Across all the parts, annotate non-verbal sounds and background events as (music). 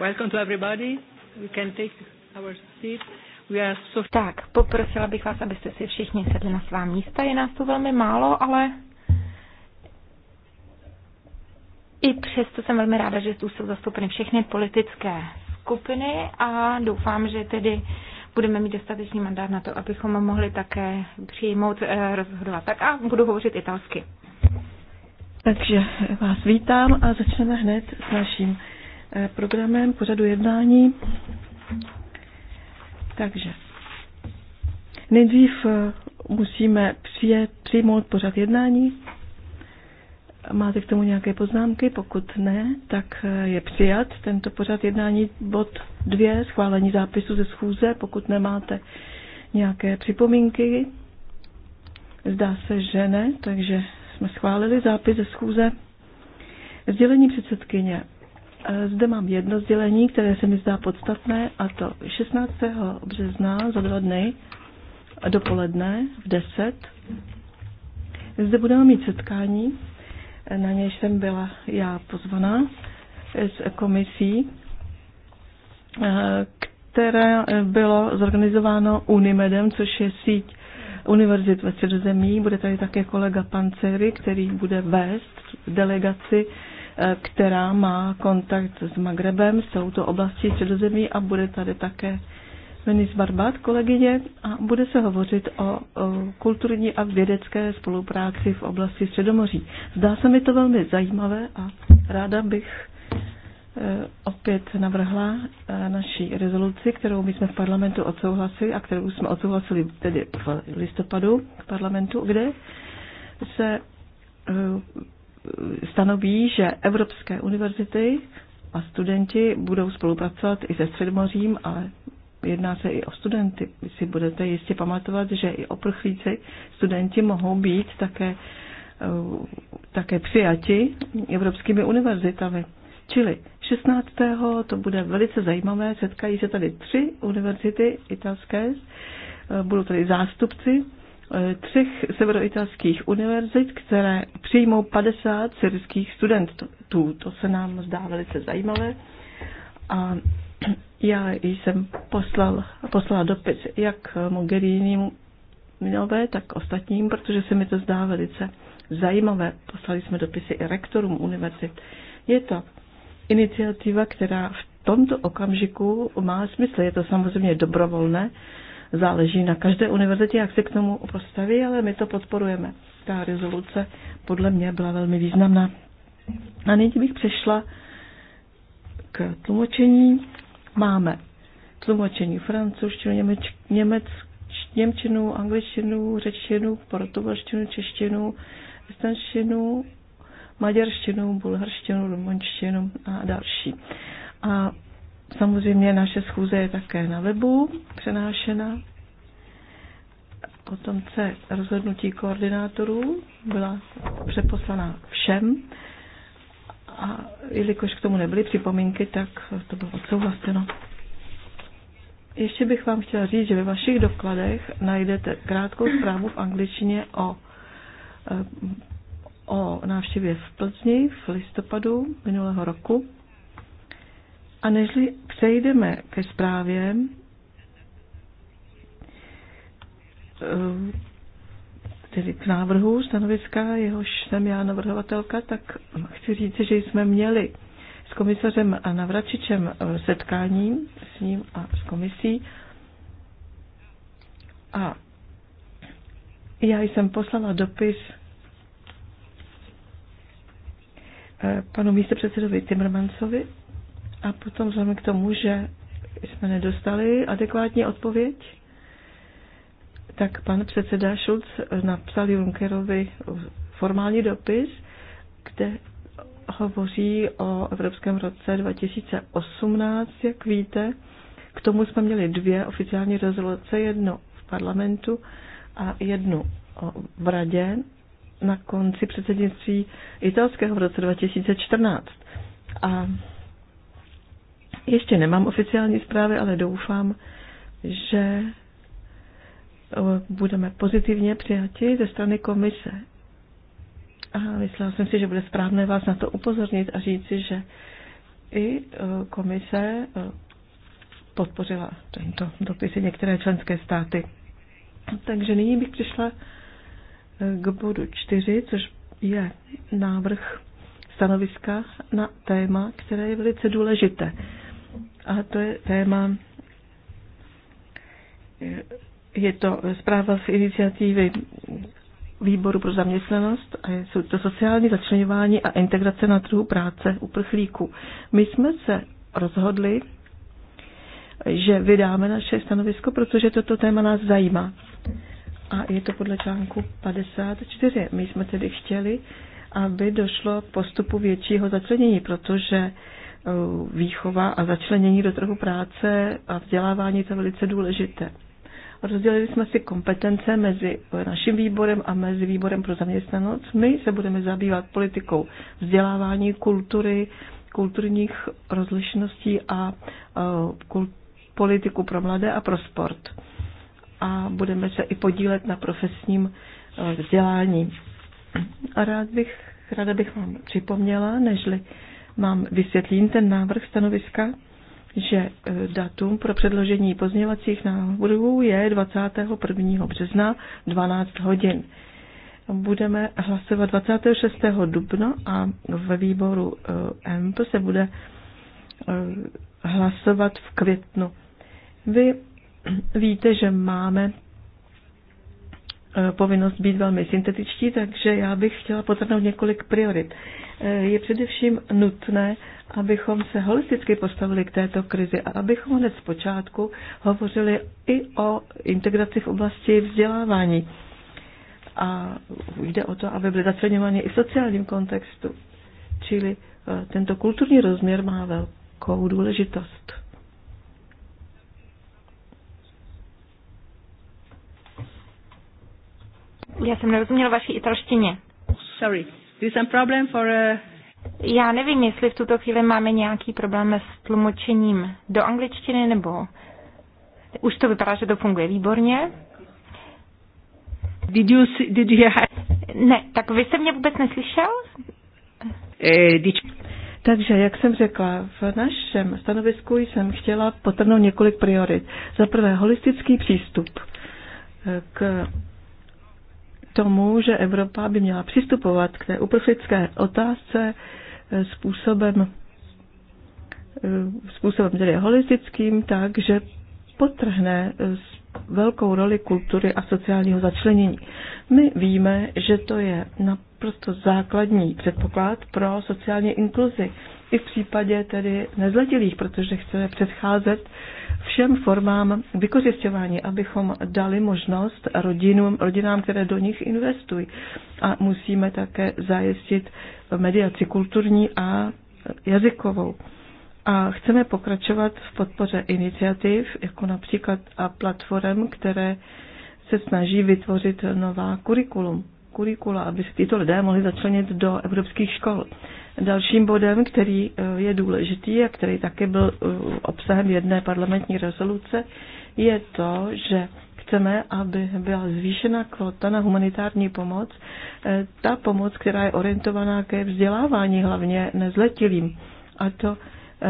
Welcome to everybody. We can take our seat. We are so... Tak, poprosila bych vás, abyste si všichni sedli na svá místa. Je nás tu velmi málo, ale i přesto jsem velmi ráda, že tu jsou zastoupeny všechny politické skupiny a doufám, že tedy budeme mít dostatečný mandát na to, abychom mohli také přijmout, eh, rozhodovat tak a budu hovořit italsky. Takže vás vítám a začneme hned s naším Eh, programem pořadu jednání. Takže nejdřív eh, musíme přijet, přijmout pořad jednání. Máte k tomu nějaké poznámky? Pokud ne, tak eh, je přijat tento pořad jednání bod 2, schválení zápisu ze schůze. Pokud nemáte nějaké připomínky, zdá se, že ne, takže jsme schválili zápis ze schůze. Sdělení předsedkyně. Zde mám jedno sdělení, které se mi zdá podstatné, a to 16. března za dva dny dopoledne v 10. Zde budeme mít setkání, na něž jsem byla já pozvaná s komisí, které bylo zorganizováno Unimedem, což je síť univerzit ve Středozemí. Bude tady také kolega Panceri, který bude vést delegaci Eh, která má kontakt s Magrebem, jsou to oblasti středozemí a bude tady také Venice Barbat, kolegyně, a bude se hovořit o, o kulturní a vědecké spolupráci v oblasti Středomoří. Zdá se mi to velmi zajímavé a ráda bych eh, opět navrhla eh, naší rezoluci, kterou my jsme v parlamentu odsouhlasili a kterou jsme odsouhlasili tedy v listopadu k parlamentu, kde se stanoví, že evropské univerzity a studenti budou spolupracovat i se Středomořím, ale jedná se i o studenty. Vy si budete jistě pamatovat, že i oprchlíci studenti mohou být také, eh, také přijati evropskými univerzitami. Čili 16. to bude velice zajímavé, setkají se tady tři univerzity italské, eh, budou tady zástupci Eh, třech severoitalských univerzit, které přijmou 50 syrských studentů. To se nám zdá velice zajímavé. A (clears throat) já jsem poslal, poslala dopis jak Mogherinimu Minové, tak ostatním, protože se mi to zdá velice zajímavé. Poslali jsme dopisy i rektorům univerzit. Je to iniciativa, která v tomto okamžiku má smysl. Je to samozřejmě dobrovolné, záleží na každé univerzitě, jak se k tomu postaví, ale my to podporujeme. Ta rezoluce podle mě byla velmi významná. A nyní bych přešla k tlumočení. Máme tlumočení francouzštinu, němeč, němčinu, angličtinu, řečtinu, portugalštinu, češtinu, estonštinu, maďarštinu, bulharštinu, rumunštinu a další. A Samozřejmě naše schůze je také na webu přenášena. Potom se rozhodnutí koordinátorů byla přeposlaná všem. A jelikož k tomu nebyly připomínky, tak to bylo odsouhlaseno. Ještě bych vám chtěla říct, že ve vašich dokladech najdete krátkou zprávu v angličtině o, eh, o návštěvě v Plzni v listopadu minulého roku. A než přejdeme ke zprávě, eh, tedy k návrhu stanoviska, jehož jsem já navrhovatelka, tak chci říct, že jsme měli s komisařem a Navračičem setkání s ním a s komisí. A já jsem poslala dopis eh, panu místopředsedovi Timmermansovi a potom vzhledem k tomu, že jsme nedostali adekvátní odpověď, tak pan předseda Schulz napsal Junckerovi formální dopis, kde hovoří o Evropském roce 2018, jak víte. K tomu jsme měli dvě oficiální rezoluce, jedno v parlamentu a jednu v radě na konci předsednictví italského v roce 2014. A ještě nemám oficiální zprávy, ale doufám, že eh, budeme pozitivně přijati ze strany komise. A myslela jsem si, že bude správné vás na to upozornit a říci, že i eh, komise eh, podpořila tento dopisy některé členské státy. Takže nyní bych přišla k bodu čtyři, což je návrh stanoviska na téma, které je velice důležité. A to je téma, je to zpráva z iniciativy výboru pro zaměstnanost, a jsou to sociální začlenování a integrace na trhu práce uprchlíků. My jsme se rozhodli, že vydáme naše stanovisko, protože toto téma nás zajímá. A je to podle článku 54. My jsme tedy chtěli, aby došlo k postupu většího začlenění, protože Eh, výchova a začlenění do trhu práce a vzdělávání to je velice důležité. Rozdělili jsme si kompetence mezi naším výborem a mezi výborem pro zaměstnanost. My se budeme zabývat politikou vzdělávání, kultury, kulturních rozlišností a eh, politiku pro mladé a pro sport. A budeme se i podílet na profesním eh, vzdělání. A rád bych, ráda bych vám připomněla, nežli Mám vysvětlím ten návrh stanoviska, že e, datum pro předložení pozměňovacích návrhů je 21. března 12 hodin. Budeme hlasovat 26. dubna a ve výboru EMP se bude e, hlasovat v květnu. Vy víte, že máme Eh, povinnost být velmi syntetičtí, takže já bych chtěla potrhnout několik priorit. Eh, je především nutné, abychom se holisticky postavili k této krizi a abychom hned počátku hovořili i o integraci v oblasti vzdělávání. A jde o to, aby byly začleňovány i v sociálním kontextu. Čili eh, tento kulturní rozměr má velkou důležitost. Já jsem nerozuměl vaší italštině. Sorry, is some problem for a... Uh, Já nevím, jestli v tuto chvíli máme nějaký problém s tlumočením do angličtiny, nebo... Už to vypadá, že to funguje výborně. Did you, see, did you hear... Ne, tak vy jste mě vůbec neslyšel? Eh, did... Takže, jak jsem řekla, v našem stanovisku jsem chtěla potrhnout několik priorit. Za prvé, holistický přístup eh, k tomu, že Evropa by měla přistupovat k té uprchlické otázce eh, způsobem, eh, způsobem tedy holistickým, takže potrhne eh, velkou roli kultury a sociálního začlenění. My víme, že to je naprosto základní předpoklad pro sociální inkluzi i v případě tedy nezletilých, protože chceme předcházet všem formám vykořišťování, abychom dali možnost rodinům, rodinám, které do nich investují. A musíme také zajistit mediaci kulturní a jazykovou. A chceme pokračovat v podpoře iniciativ, jako například a platform, které se snaží vytvořit nová kurikulum, kurikula, aby se tyto lidé mohli začlenit do evropských škol. Dalším bodem, který eh, je důležitý a který také byl eh, obsahem jedné parlamentní rezoluce, je to, že chceme, aby byla zvýšena kvota na humanitární pomoc, eh, ta pomoc, která je orientovaná ke vzdělávání hlavně nezletilým. A to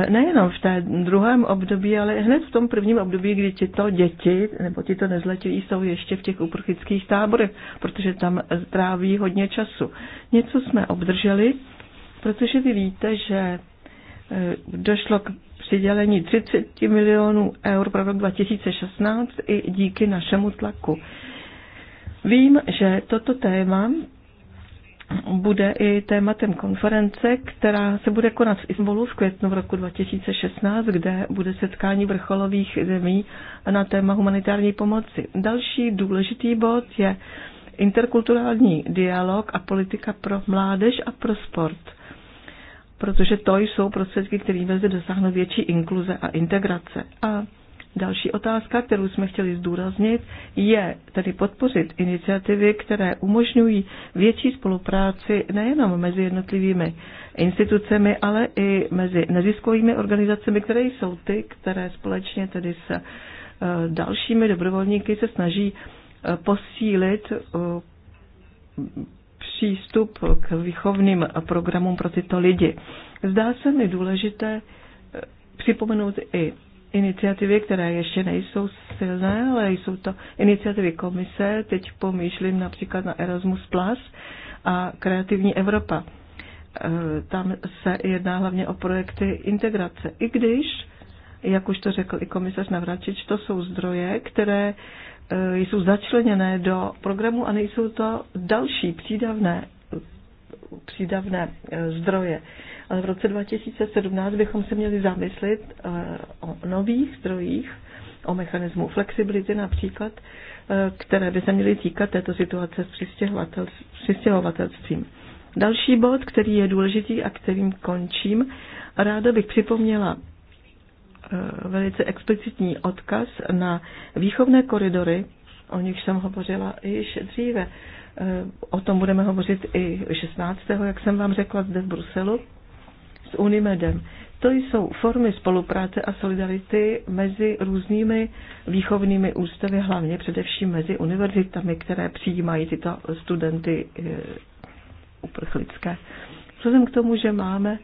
nejenom v té druhém období, ale hned v tom prvním období, kdy tyto děti nebo tyto nezletilí jsou ještě v těch uprchlických táborech, protože tam tráví hodně času. Něco jsme obdrželi, protože vy víte, že e, došlo k přidělení 30 milionů eur pro rok 2016 i díky našemu tlaku. Vím, že toto téma bude i tématem konference, která se bude konat v Istanbulu v květnu v roku 2016, kde bude setkání vrcholových zemí na téma humanitární pomoci. Další důležitý bod je interkulturální dialog a politika pro mládež a pro sport protože to jsou prostředky, kterými lze dosáhnout větší inkluze a integrace. A další otázka, kterou jsme chtěli zdůraznit, je tedy podpořit iniciativy, které umožňují větší spolupráci nejenom mezi jednotlivými institucemi, ale i mezi neziskovými organizacemi, které jsou ty, které společně tedy se eh, dalšími dobrovolníky se snaží eh, posílit eh, přístup k výchovným programům pro tyto lidi. Zdá se mi důležité eh, připomenout i iniciativy, které ještě nejsou silné, ale jsou to iniciativy komise, teď pomýšlím například na Erasmus Plus a Kreativní Evropa. Eh, tam se jedná hlavně o projekty integrace, i když, jak už to řekl i komisař Navračič, to jsou zdroje, které Eh, jsou začleněné do programu a nejsou to další přídavné, přídavné eh, zdroje. Ale v roce 2017 bychom se měli zamyslit eh, o nových zdrojích, o mechanismu flexibility například, které by se měly týkat této situace s přistěhovatelstvím. Další bod, který je důležitý a kterým končím, ráda bych připomněla Eh, velice explicitní odkaz na výchovné koridory, o nich jsem hovořila již dříve. Eh, o tom budeme hovořit i 16. jak jsem vám řekla zde v Bruselu s Unimedem. To jsou formy spolupráce a solidarity mezi různými výchovnými ústavy, hlavně především mezi univerzitami, které přijímají tyto studenty eh, uprchlické. Vzhledem k tomu, že máme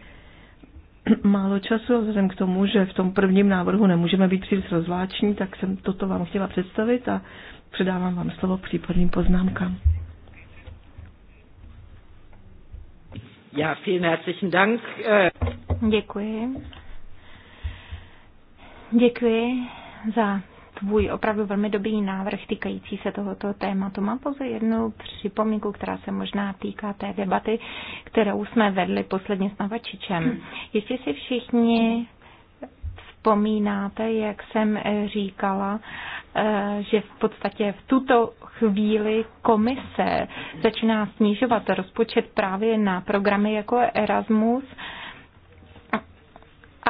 (clears throat) málo času, vzhledem k tomu, že v tom prvním návrhu nemůžeme být příliš rozváční, tak jsem toto vám chtěla představit a předávám vám slovo případným poznámkám. Ja, vielen herzlichen Dank. Äh, Děkuji. Děkuji za tvůj opravdu velmi dobrý návrh týkající se tohoto tématu. Mám pouze jednu připomínku, která se možná týká té debaty, kterou jsme vedli posledně s Navačičem. Jestli si všichni vzpomínáte, jak jsem eh, říkala, eh, že v podstatě v tuto chvíli komise začíná snižovat rozpočet právě na programy jako Erasmus,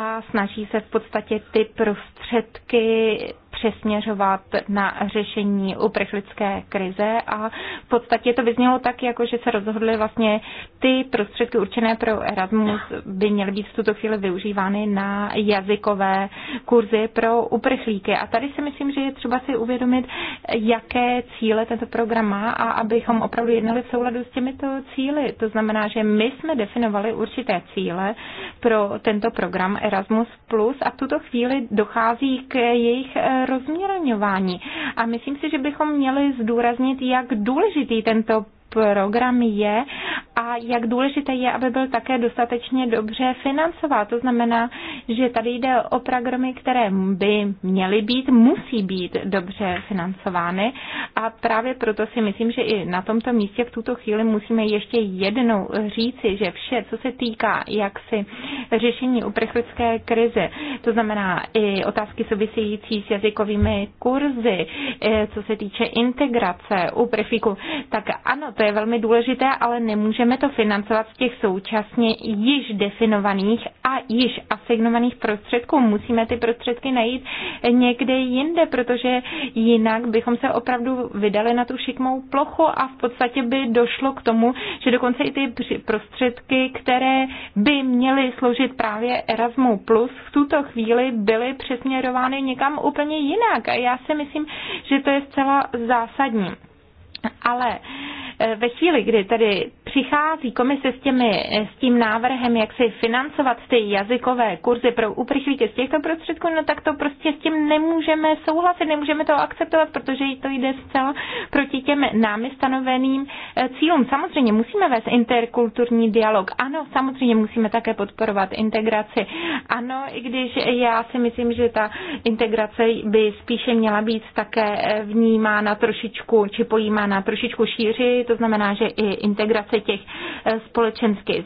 a snaží se v podstatě ty prostředky přesměřovat na řešení uprchlické krize a v podstatě to vyznělo tak, jako že se rozhodly vlastně ty prostředky určené pro Erasmus by měly být v tuto chvíli využívány na jazykové kurzy pro uprchlíky. A tady si myslím, že je třeba si uvědomit, jaké cíle tento program má a abychom opravdu jednali v souladu s těmito cíly. To znamená, že my jsme definovali určité cíle pro tento program Erasmus+, a v tuto chvíli dochází k jejich eh, rozměraňování. A myslím si, že bychom měli zdůraznit, jak důležitý tento program je a jak důležité je, aby byl také dostatečně dobře financován. To znamená, že tady jde o programy, které by měly být, musí být dobře financovány a právě proto si myslím, že i na tomto místě v tuto chvíli musíme ještě jednou říci, že vše, co se týká jaksi řešení uprchlické krize, to znamená i otázky související s jazykovými kurzy, eh, co se týče integrace uprchlíků, tak ano, to je velmi důležité, ale nemůžeme to financovat z těch současně již definovaných a již asignovaných prostředků. Musíme ty prostředky najít někde jinde, protože jinak bychom se opravdu vydali na tu šikmou plochu a v podstatě by došlo k tomu, že dokonce i ty prostředky, které by měly sloužit právě Erasmu+, Plus, v tuto chvíli byly přesměrovány někam úplně jinak. A já si myslím, že to je zcela zásadní. Ale eh, ve chvíli, kdy tedy přichází komise s, těmi, eh, s tím návrhem, jak si financovat ty jazykové kurzy pro uprchlíky z těchto prostředků, no tak to prostě s tím nemůžeme souhlasit, nemůžeme to akceptovat, protože to jde zcela proti těm námi stanoveným eh, cílům. Samozřejmě musíme vést interkulturní dialog. Ano, samozřejmě musíme také podporovat integraci. Ano, i když já si myslím, že ta integrace by spíše měla být také vnímána trošičku či pojímána možná trošičku šíři, to znamená, že i integrace těch eh, společensky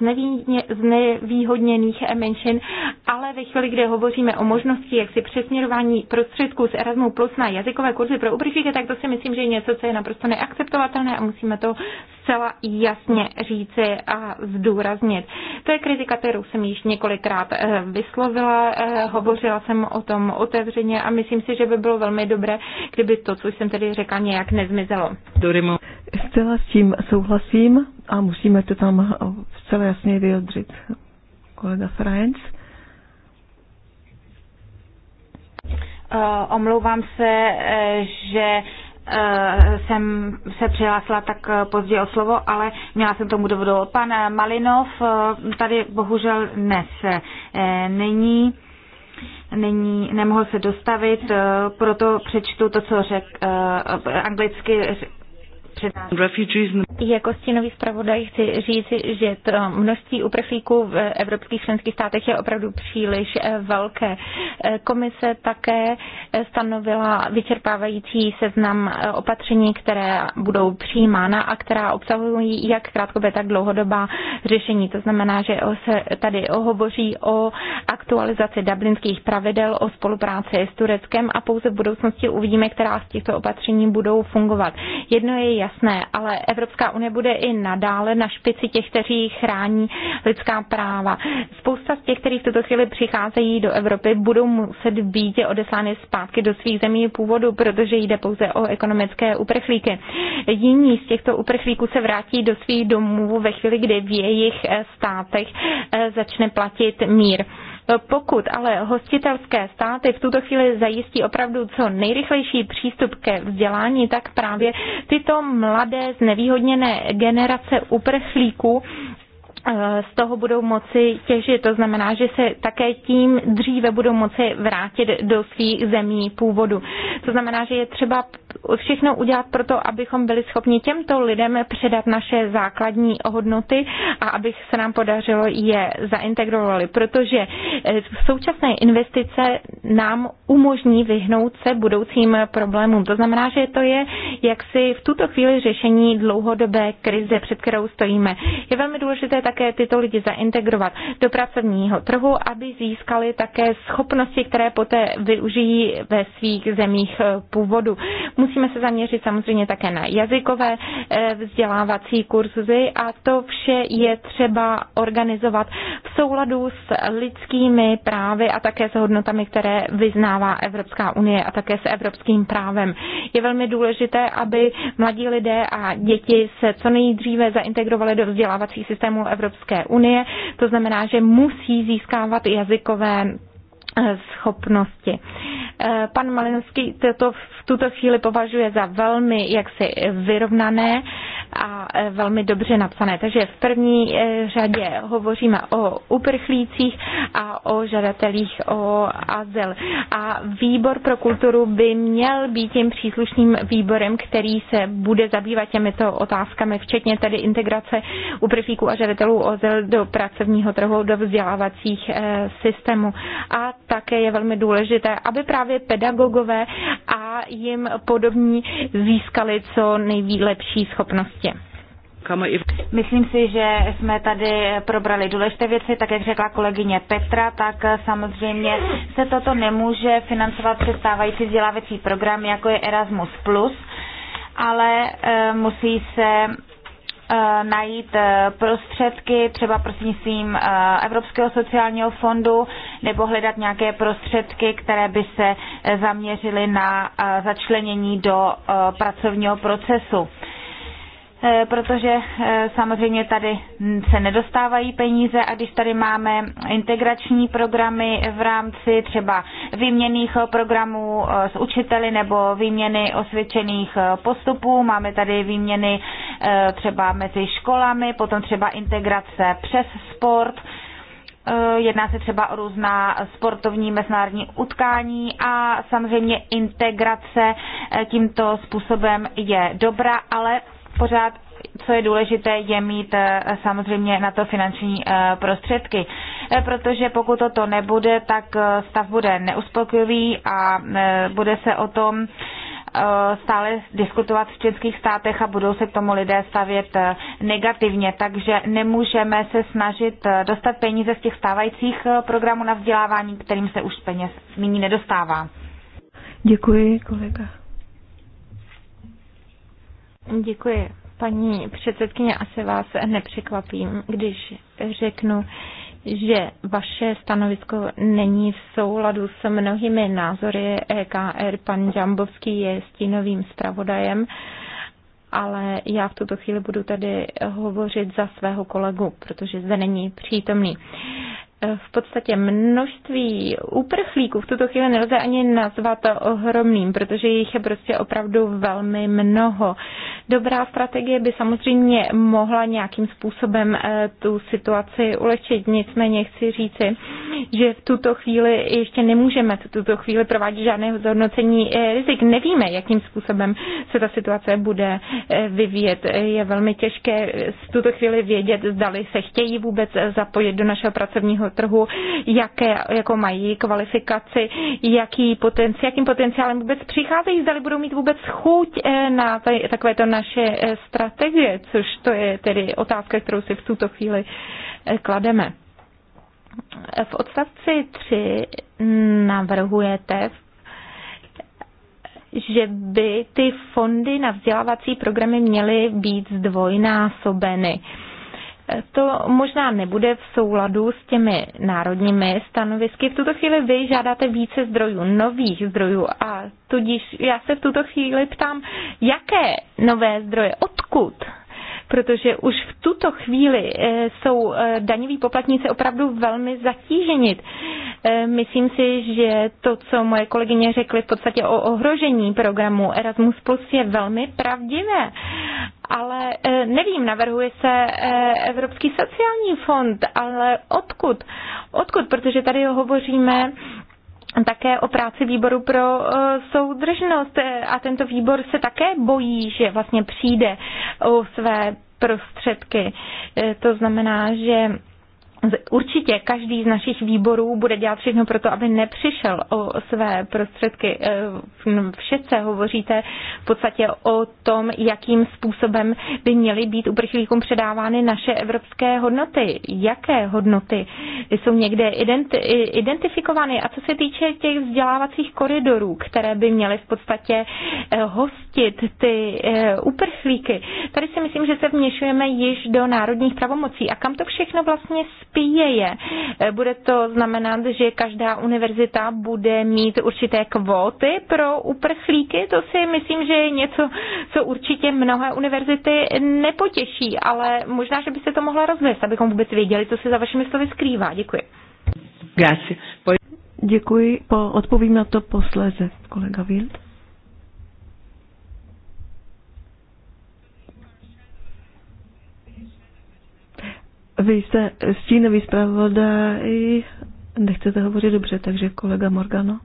znevýhodněných eh, menšin, ale ve chvíli, kde hovoříme o možnosti jak si přesměrování prostředků z Erasmu Plus na jazykové kurzy pro uprchlíky, tak to si myslím, že je něco, co je naprosto neakceptovatelné a musíme to zcela jasně říci a zdůraznit. To je kritika, kterou jsem již několikrát eh, vyslovila, hovořila jsem o tom otevřeně a myslím si, že by bylo velmi dobré, kdyby to, co jsem tedy řekla, nějak nezmizelo. Zcela s tím souhlasím a musíme to tam zcela jasně vyjadřit. Kolega Franz. Uh, eh, omlouvám se, eh, že eh, jsem se přihlásila tak pozdě o slovo, ale měla jsem tomu dovodu. Pan Malinov tady bohužel dnes není, není, nemohl se dostavit, proto přečtu to, co řekl anglicky před jako stěnový zpravodaj chci říci, že to množství uprchlíků v evropských členských státech je opravdu příliš eh, velké. Eh, komise také eh, stanovila vyčerpávající seznam opatření, které budou přijímána a která obsahují jak krátkodobé, tak dlouhodobá řešení. To znamená, že se tady hovoří o aktualizaci dublinských pravidel, o spolupráci s Tureckem a pouze v budoucnosti uvidíme, která z těchto opatření budou fungovat. Jedno je jasné, ale Evropská unie bude i nadále na špici těch, kteří chrání lidská práva. Spousta z těch, kteří v tuto chvíli přicházejí do Evropy, budou muset být odeslány zpátky do svých zemí původu, protože jde pouze o ekonomické uprchlíky. Jiní z těchto uprchlíků se vrátí do svých domů ve chvíli, kdy v jejich státech eh, začne platit mír. Pokud ale hostitelské státy v tuto chvíli zajistí opravdu co nejrychlejší přístup ke vzdělání, tak právě tyto mladé znevýhodněné generace uprchlíků Eh, z toho budou moci těžit. To znamená, že se také tím dříve budou moci vrátit do svých zemí původu. To znamená, že je třeba všechno udělat pro to, abychom byli schopni těmto lidem předat naše základní hodnoty a aby se nám podařilo je zaintegrovali, protože eh, současné investice nám umožní vyhnout se budoucím problémům. To znamená, že to je jaksi v tuto chvíli řešení dlouhodobé krize, před kterou stojíme. Je velmi důležité také tyto lidi zaintegrovat do pracovního trhu, aby získali také schopnosti, které poté využijí ve svých zemích eh, původu. Musíme se zaměřit samozřejmě také na jazykové eh, vzdělávací kurzy a to vše je třeba organizovat v souladu s lidskými právy a také s hodnotami, které vyznává Evropská unie a také s evropským právem. Je velmi důležité, aby mladí lidé a děti se co nejdříve zaintegrovali do vzdělávacích systémů Evropské Evropské unie. To znamená, že musí získávat jazykové Eh, schopnosti. Eh, pan Malinovský toto v tuto chvíli považuje za velmi jaksi vyrovnané a eh, velmi dobře napsané. Takže v první řadě hovoříme o uprchlících a o žadatelích o azyl. A výbor pro kulturu by měl být tím příslušným výborem, který se bude zabývat těmito otázkami, včetně tedy integrace uprchlíků a žadatelů o azyl do pracovního trhu, do vzdělávacích systémů. A také je velmi důležité, aby právě pedagogové a jim podobní získali co nejlepší schopnosti. Myslím si, že jsme tady probrali důležité věci, tak jak řekla kolegyně Petra, tak samozřejmě se toto nemůže financovat přes stávající vzdělávací program, jako je Erasmus+, ale eh, musí se Eh, najít eh, prostředky třeba prostřednictvím eh, Evropského sociálního fondu nebo hledat nějaké prostředky, které by se zaměřily na začlenění do pracovního procesu. Eh, protože eh, samozřejmě tady se nedostávají peníze a když tady máme integrační programy v rámci třeba výměných eh, programů s učiteli nebo výměny osvědčených postupů, máme tady výměny třeba mezi školami, potom třeba integrace přes sport, Jedná se třeba o různá sportovní mezinárodní utkání a samozřejmě integrace tímto způsobem je dobrá, ale pořád, co je důležité, je mít eh, samozřejmě na to finanční eh, prostředky, eh, protože pokud toto nebude, tak stav bude neuspokojivý a bude se o tom stále diskutovat v českých státech a budou se k tomu lidé stavět negativně. Takže nemůžeme se snažit dostat peníze z těch stávajících programů na vzdělávání, kterým se už peněz nyní nedostává. Děkuji, kolega Děkuji. Paní předsedkyně, asi vás nepřekvapím, když řeknu, že vaše stanovisko není v souladu s mnohými názory EKR. Pan Jambovský je stínovým zpravodajem, ale já v tuto chvíli budu tady hovořit za svého kolegu, protože zde není přítomný v podstatě množství úprchlíků v tuto chvíli nelze ani nazvat ohromným, protože jich je prostě opravdu velmi mnoho. Dobrá strategie by samozřejmě mohla nějakým způsobem eh, tu situaci ulehčit, nicméně chci říci, že v tuto chvíli ještě nemůžeme v tuto chvíli provádět žádné zhodnocení eh, rizik. Nevíme, jakým způsobem se ta situace bude eh, vyvíjet. Je velmi těžké v tuto chvíli vědět, zdali se chtějí vůbec zapojit do našeho pracovního trhu, jaké, jako mají kvalifikaci, jaký potenci, jakým potenciálem vůbec přicházejí, zdali budou mít vůbec chuť eh, na takové takovéto naše eh, strategie, což to je tedy otázka, kterou si v tuto chvíli eh, klademe. V odstavci 3 navrhujete že by ty fondy na vzdělávací programy měly být zdvojnásobeny to možná nebude v souladu s těmi národními stanovisky. V tuto chvíli vy žádáte více zdrojů, nových zdrojů a tudíž já se v tuto chvíli ptám, jaké nové zdroje, odkud protože už v tuto chvíli eh, jsou eh, daňoví poplatníci opravdu velmi zatíženi. Eh, myslím si, že to, co moje kolegyně řekly v podstatě o ohrožení programu Erasmus+, je velmi pravdivé. Ale nevím, navrhuje se Evropský sociální fond, ale odkud? Odkud? Protože tady hovoříme také o práci výboru pro eh, soudržnost eh, a tento výbor se také bojí, že vlastně přijde o své prostředky. Eh, to znamená, že Určitě každý z našich výborů bude dělat všechno pro to, aby nepřišel o své prostředky. Eh, Všetce hovoříte v podstatě o tom, jakým způsobem by měly být uprchlíkům předávány naše evropské hodnoty. Jaké hodnoty jsou někde identifikovány? A co se týče těch vzdělávacích koridorů, které by měly v podstatě eh, hostit ty eh, uprchlíky, tady si myslím, že se vměšujeme již do národních pravomocí. A kam to všechno vlastně spíjeje. Eh, bude to znamenat, že každá univerzita bude mít určité kvóty pro uprchlíky. To si myslím, že je něco, co určitě mnohé univerzity nepotěší, ale možná, že by se to mohla rozvést, abychom vůbec věděli, co se za vašimi slovy skrývá. Děkuji. Děkuji, po, odpovím na to posléze, kolega Wild. Vy jste stínový zpravodaj, nechcete hovořit dobře, takže kolega Morgano.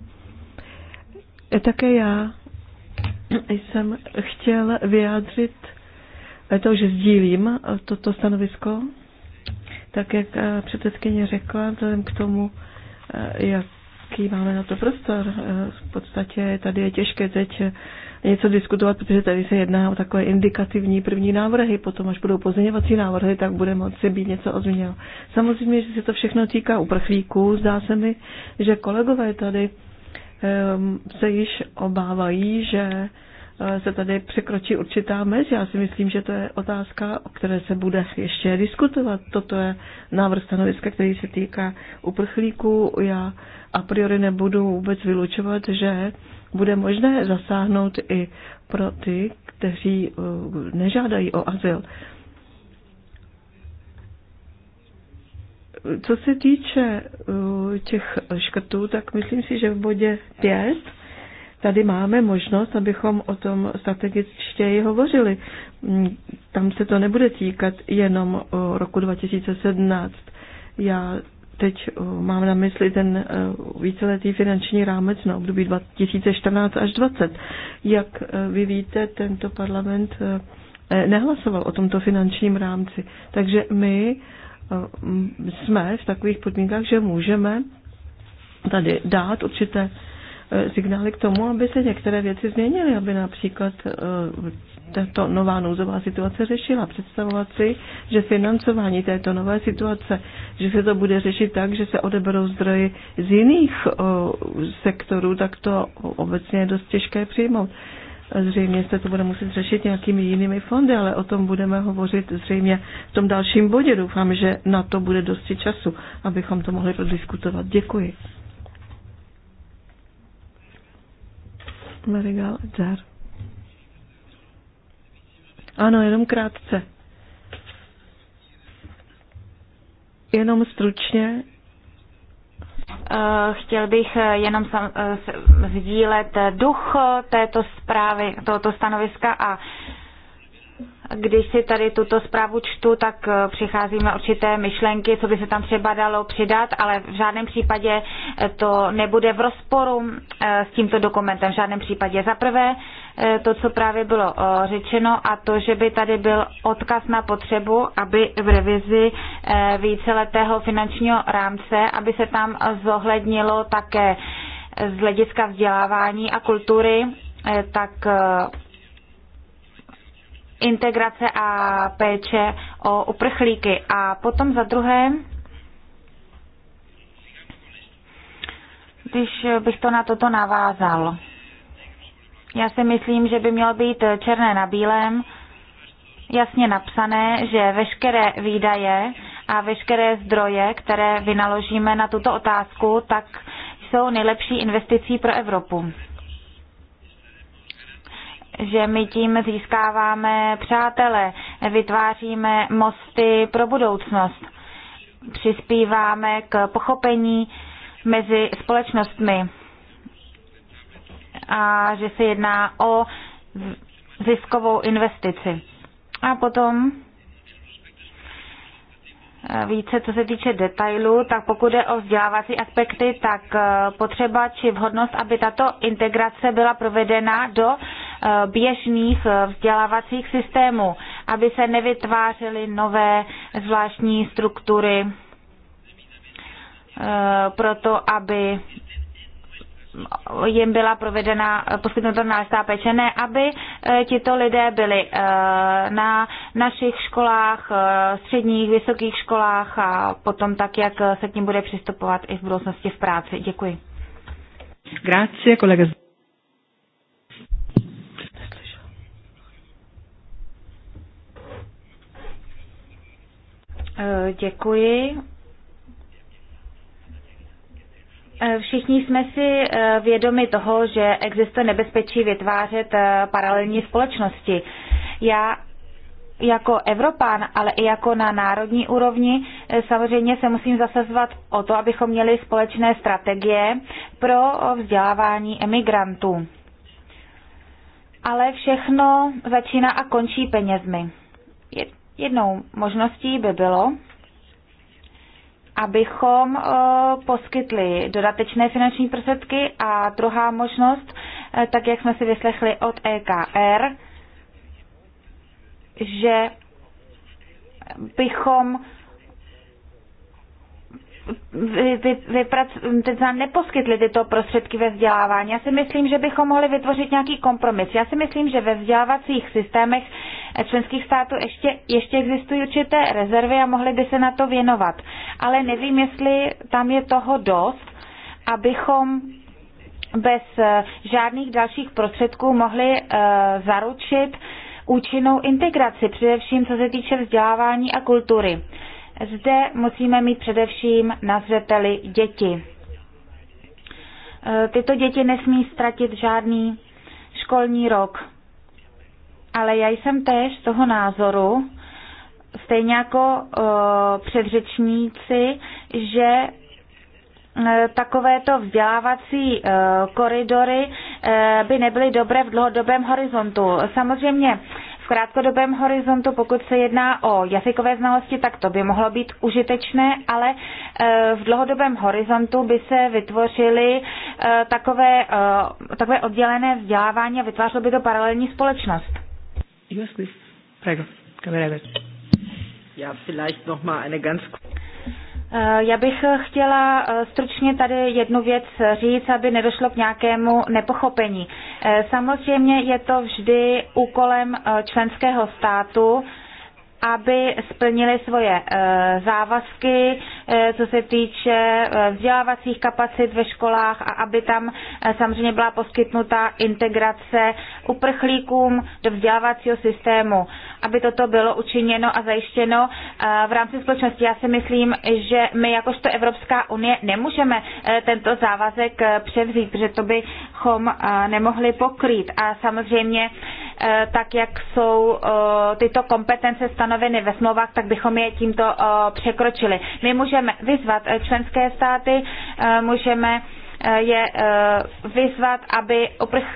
E, také já jsem chtěl vyjádřit e, to, že sdílím e, toto stanovisko, tak jak předsedkyně řekla, vzhledem k tomu, jaký máme na to prostor. V podstatě tady je těžké teď něco diskutovat, protože tady se jedná o takové indikativní první návrhy, potom až budou pozměňovací návrhy, tak bude moci být něco ozměněno. Samozřejmě, že se to všechno týká uprchlíků, zdá se mi, že kolegové tady um, se již obávají, že eh, se tady překročí určitá mez. Já si myslím, že to je otázka, o které se bude ještě diskutovat. Toto je návrh stanoviska, který se týká uprchlíků. Já a priori nebudu vůbec vylučovat, že bude možné zasáhnout i pro ty, kteří eh, nežádají o azyl. Co se týče eh, těch škrtů, tak myslím si, že v bodě 5 tady máme možnost, abychom o tom strategičtěji hovořili. Mm, tam se to nebude týkat jenom roku 2017. Já Teď eh, mám na mysli ten eh, víceletý finanční rámec na období 2014 až 20. Jak eh, vy víte, tento parlament nehlasoval o tomto finančním rámci. Takže my jsme v takových podmínkách, že můžeme tady dát určité signály k tomu, aby se některé věci změnily, aby například tato nová nouzová situace řešila. Představovat si, že financování této nové situace, že se to bude řešit tak, že se odeberou zdroje z jiných o, sektorů, tak to obecně je dost těžké přijmout. Zřejmě se to bude muset řešit nějakými jinými fondy, ale o tom budeme hovořit zřejmě v tom dalším bodě. Doufám, že na to bude dosti času, abychom to mohli prodiskutovat. Děkuji. Marigal Dzar. Ano, jenom krátce. Jenom stručně. Eh, chtěl bych eh, jenom eh, sdílet duch této zprávy, tohoto stanoviska a když si tady tuto zprávu čtu, tak eh, přicházíme určité myšlenky, co by se tam třeba dalo přidat, ale v žádném případě eh, to nebude v rozporu eh, s tímto dokumentem. V žádném případě. Za prvé, to, co právě bylo řečeno a to, že by tady byl odkaz na potřebu, aby v revizi víceletého finančního rámce, aby se tam zohlednilo také z hlediska vzdělávání a kultury, tak integrace a péče o uprchlíky. A potom za druhé, když bych to na toto navázal. Já si myslím, že by mělo být černé na bílém, jasně napsané, že veškeré výdaje a veškeré zdroje, které vynaložíme na tuto otázku, tak jsou nejlepší investicí pro Evropu že my tím získáváme přátele, vytváříme mosty pro budoucnost, přispíváme k pochopení mezi společnostmi a že se jedná o ziskovou investici. A potom eh, více, co se týče detailů, tak pokud je o vzdělávací aspekty, tak eh, potřeba či vhodnost, aby tato integrace byla provedena do Eh, běžných vzdělávacích systémů, aby se nevytvářely nové zvláštní struktury eh, proto, aby jim byla provedena, poskytnuta náležitá péče, ne aby eh, tito lidé byli na našich školách, středních, vysokých školách a potom tak, jak se k ním bude přistupovat i v budoucnosti v práci. Děkuji. Grazie, kolega. Eh, děkuji. Eh, všichni jsme si eh, vědomi toho, že existuje nebezpečí vytvářet paralelní společnosti. Já jako Evropán, ale i jako na národní úrovni samozřejmě se musím zasazovat o to, abychom měli společné strategie pro vzdělávání emigrantů. Ale všechno začíná a končí penězmi. Jednou možností by bylo, abychom eh, poskytli dodatečné finanční prostředky a druhá možnost, eh, tak jak jsme si vyslechli od EKR, že bychom vy, vy, vyprac, teď nám neposkytli tyto prostředky ve vzdělávání. Já si myslím, že bychom mohli vytvořit nějaký kompromis. Já si myslím, že ve vzdělávacích systémech členských států ještě, ještě existují určité rezervy a mohli by se na to věnovat. Ale nevím, jestli tam je toho dost, abychom bez eh, žádných dalších prostředků mohli eh, zaručit účinnou integraci, především co se týče vzdělávání a kultury. Zde musíme mít především na zřeteli děti. E, tyto děti nesmí ztratit žádný školní rok. Ale já jsem též toho názoru, stejně jako uh, předřečníci, že e, takovéto vzdělávací koridory by nebyly dobré v dlouhodobém horizontu. Samozřejmě v krátkodobém horizontu, pokud se jedná o jazykové znalosti, tak to by mohlo být užitečné, ale eh, v dlouhodobém horizontu by se vytvořily eh, takové, eh, takové oddělené vzdělávání a vytvářelo by to paralelní společnost. Ja, vielleicht noch mal eine ganz Eh, já bych chtěla eh, stručně tady jednu věc říct, aby nedošlo k nějakému nepochopení. Eh, samozřejmě je to vždy úkolem členského státu aby splnili svoje eh, závazky, eh, co se týče eh, vzdělávacích kapacit ve školách a aby tam samozřejmě byla poskytnuta integrace uprchlíkům do vzdělávacího systému, aby toto bylo učiněno a zajištěno v rámci společnosti. Já si myslím, že my jakožto Evropská unie nemůžeme tento závazek převzít, protože to bychom nemohli pokrýt. A samozřejmě Eh, tak jak jsou eh, tyto kompetence stanoveny ve smlouvách, tak bychom je tímto eh, překročili. My můžeme vyzvat členské státy, můžeme je vyzvat, aby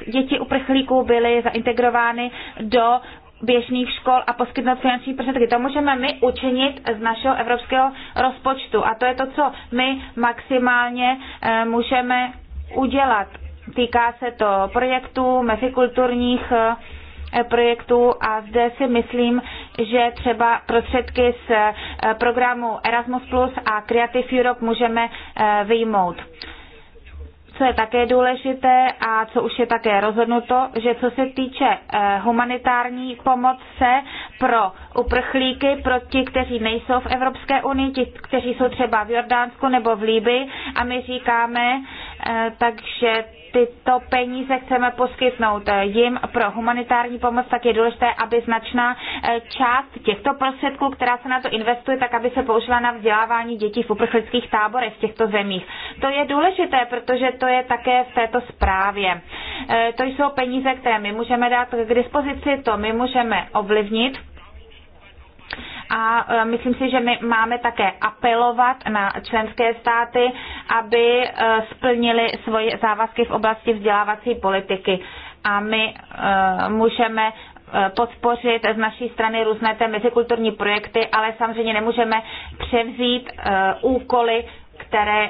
děti uprchlíků byly zaintegrovány do běžných škol a poskytnout finanční prostředky. To můžeme my učinit z našeho evropského rozpočtu a to je to, co my maximálně můžeme udělat. Týká se to projektů mezikulturních Eh, projektů a zde si myslím, že třeba prostředky z eh, programu Erasmus a Creative Europe můžeme eh, vyjmout. Co je také důležité a co už je také rozhodnuto, že co se týče humanitární pomoce pro uprchlíky, pro ti, kteří nejsou v Evropské unii, ti, kteří jsou třeba v Jordánsku nebo v Líbii a my říkáme, takže tyto peníze chceme poskytnout eh, jim pro humanitární pomoc, tak je důležité, aby značná eh, část těchto prostředků, která se na to investuje, tak aby se použila na vzdělávání dětí v uprchlických táborech v těchto zemích. To je důležité, protože to je také v této zprávě. Eh, to jsou peníze, které my můžeme dát k dispozici, to my můžeme ovlivnit a e, myslím si, že my máme také apelovat na členské státy, aby e, splnili svoje závazky v oblasti vzdělávací politiky. A my e, můžeme podpořit z naší strany různé té mezikulturní projekty, ale samozřejmě nemůžeme převzít úkoly které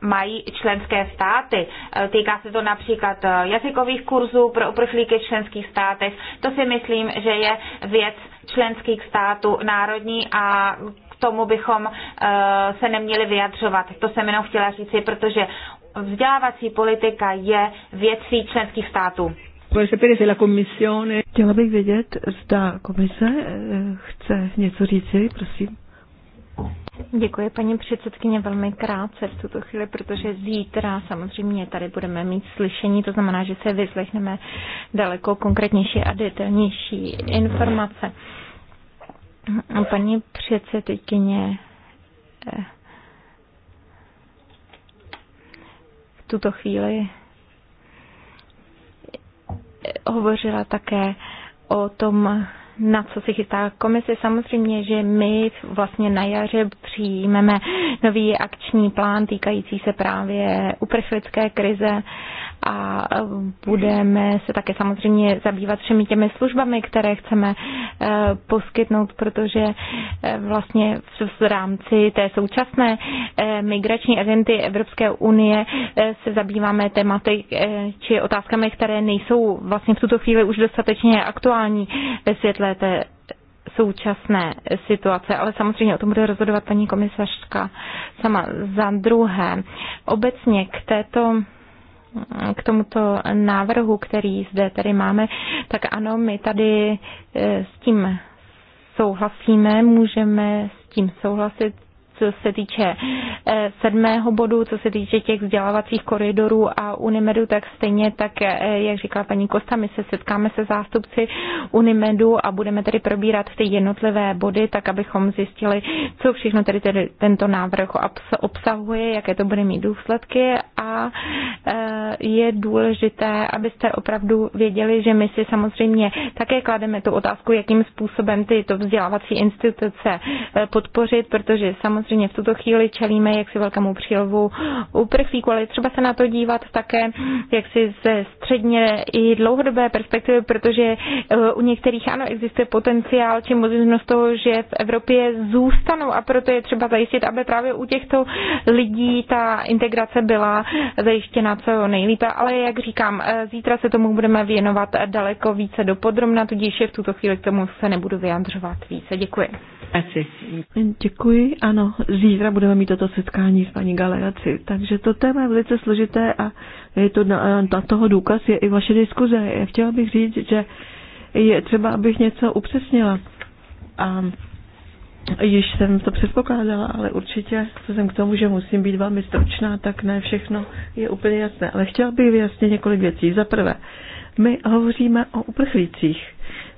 mají členské státy. Týká se to například jazykových kurzů pro uprchlíky v členských státech. To si myslím, že je věc členských států národní a k tomu bychom eh, se neměli vyjadřovat. To jsem jenom chtěla říci, protože vzdělávací politika je věcí členských států. Chtěla bych vědět, zda komise eh, chce něco říci, prosím. Děkuji, paní předsedkyně, velmi krátce v tuto chvíli, protože zítra samozřejmě tady budeme mít slyšení, to znamená, že se vyslechneme daleko konkrétnější a detailnější informace. Paní předsedkyně, eh, v tuto chvíli eh, hovořila také o tom na co se chystá komise. Samozřejmě, že my vlastně na jaře přijmeme nový akční plán týkající se právě uprchlické krize a eh, budeme se také samozřejmě zabývat všemi těmi službami, které chceme eh, poskytnout, protože eh, vlastně v rámci té současné migrační agenty Evropské unie se zabýváme tématy či otázkami, které nejsou vlastně v tuto chvíli už dostatečně aktuální ve světle té současné situace, ale samozřejmě o tom bude rozhodovat paní komisařka sama. Za druhé, obecně k této k tomuto návrhu, který zde tady máme, tak ano, my tady eh, s tím souhlasíme, můžeme s tím souhlasit, co se týče eh, sedmého bodu, co se týče těch vzdělávacích koridorů a Unimedu, tak stejně tak, eh, jak říkala paní Kosta, my se setkáme se zástupci Unimedu a budeme tedy probírat ty jednotlivé body, tak abychom zjistili, co všechno tedy, tento návrh obsahuje, jaké to bude mít důsledky a eh, je důležité, abyste opravdu věděli, že my si samozřejmě také klademe tu otázku, jakým způsobem tyto vzdělávací instituce podpořit, protože samozřejmě samozřejmě v tuto chvíli čelíme jaksi velkému přílevu uprchlíků, ale třeba se na to dívat také jaksi ze středně i dlouhodobé perspektivy, protože eh, u některých ano existuje potenciál či možnost toho, že v Evropě zůstanou a proto je třeba zajistit, aby právě u těchto lidí ta integrace byla zajištěna co nejlépe. Ale jak říkám, eh, zítra se tomu budeme věnovat daleko více dopodrobna, tudíž je v tuto chvíli k tomu se nebudu vyjadřovat více. Děkuji. Asi. Děkuji, ano zítra budeme mít toto setkání s paní Galeaci. Takže to téma je velice složité a je to na, na toho důkaz je i vaše diskuze. Já chtěla bych říct, že je třeba, abych něco upřesnila. A již jsem to předpokládala, ale určitě jsem k tomu, že musím být velmi stručná, tak ne všechno je úplně jasné. Ale chtěla bych vyjasnit několik věcí. Za prvé, my hovoříme o uprchlících,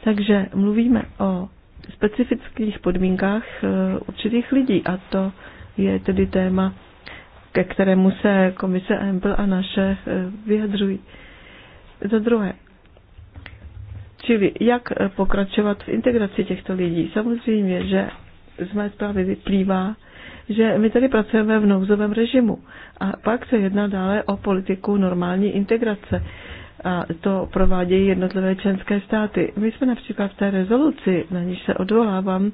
takže mluvíme o specifických podmínkách eh, určitých lidí. A to je tedy téma, ke kterému se komise EMPL a naše eh, vyjadřují. Za druhé, čili jak eh, pokračovat v integraci těchto lidí. Samozřejmě, že z mé zprávy vyplývá, že my tady pracujeme v nouzovém režimu a pak se jedná dále o politiku normální integrace a to provádějí jednotlivé členské státy. My jsme například v té rezoluci, na níž se odvolávám,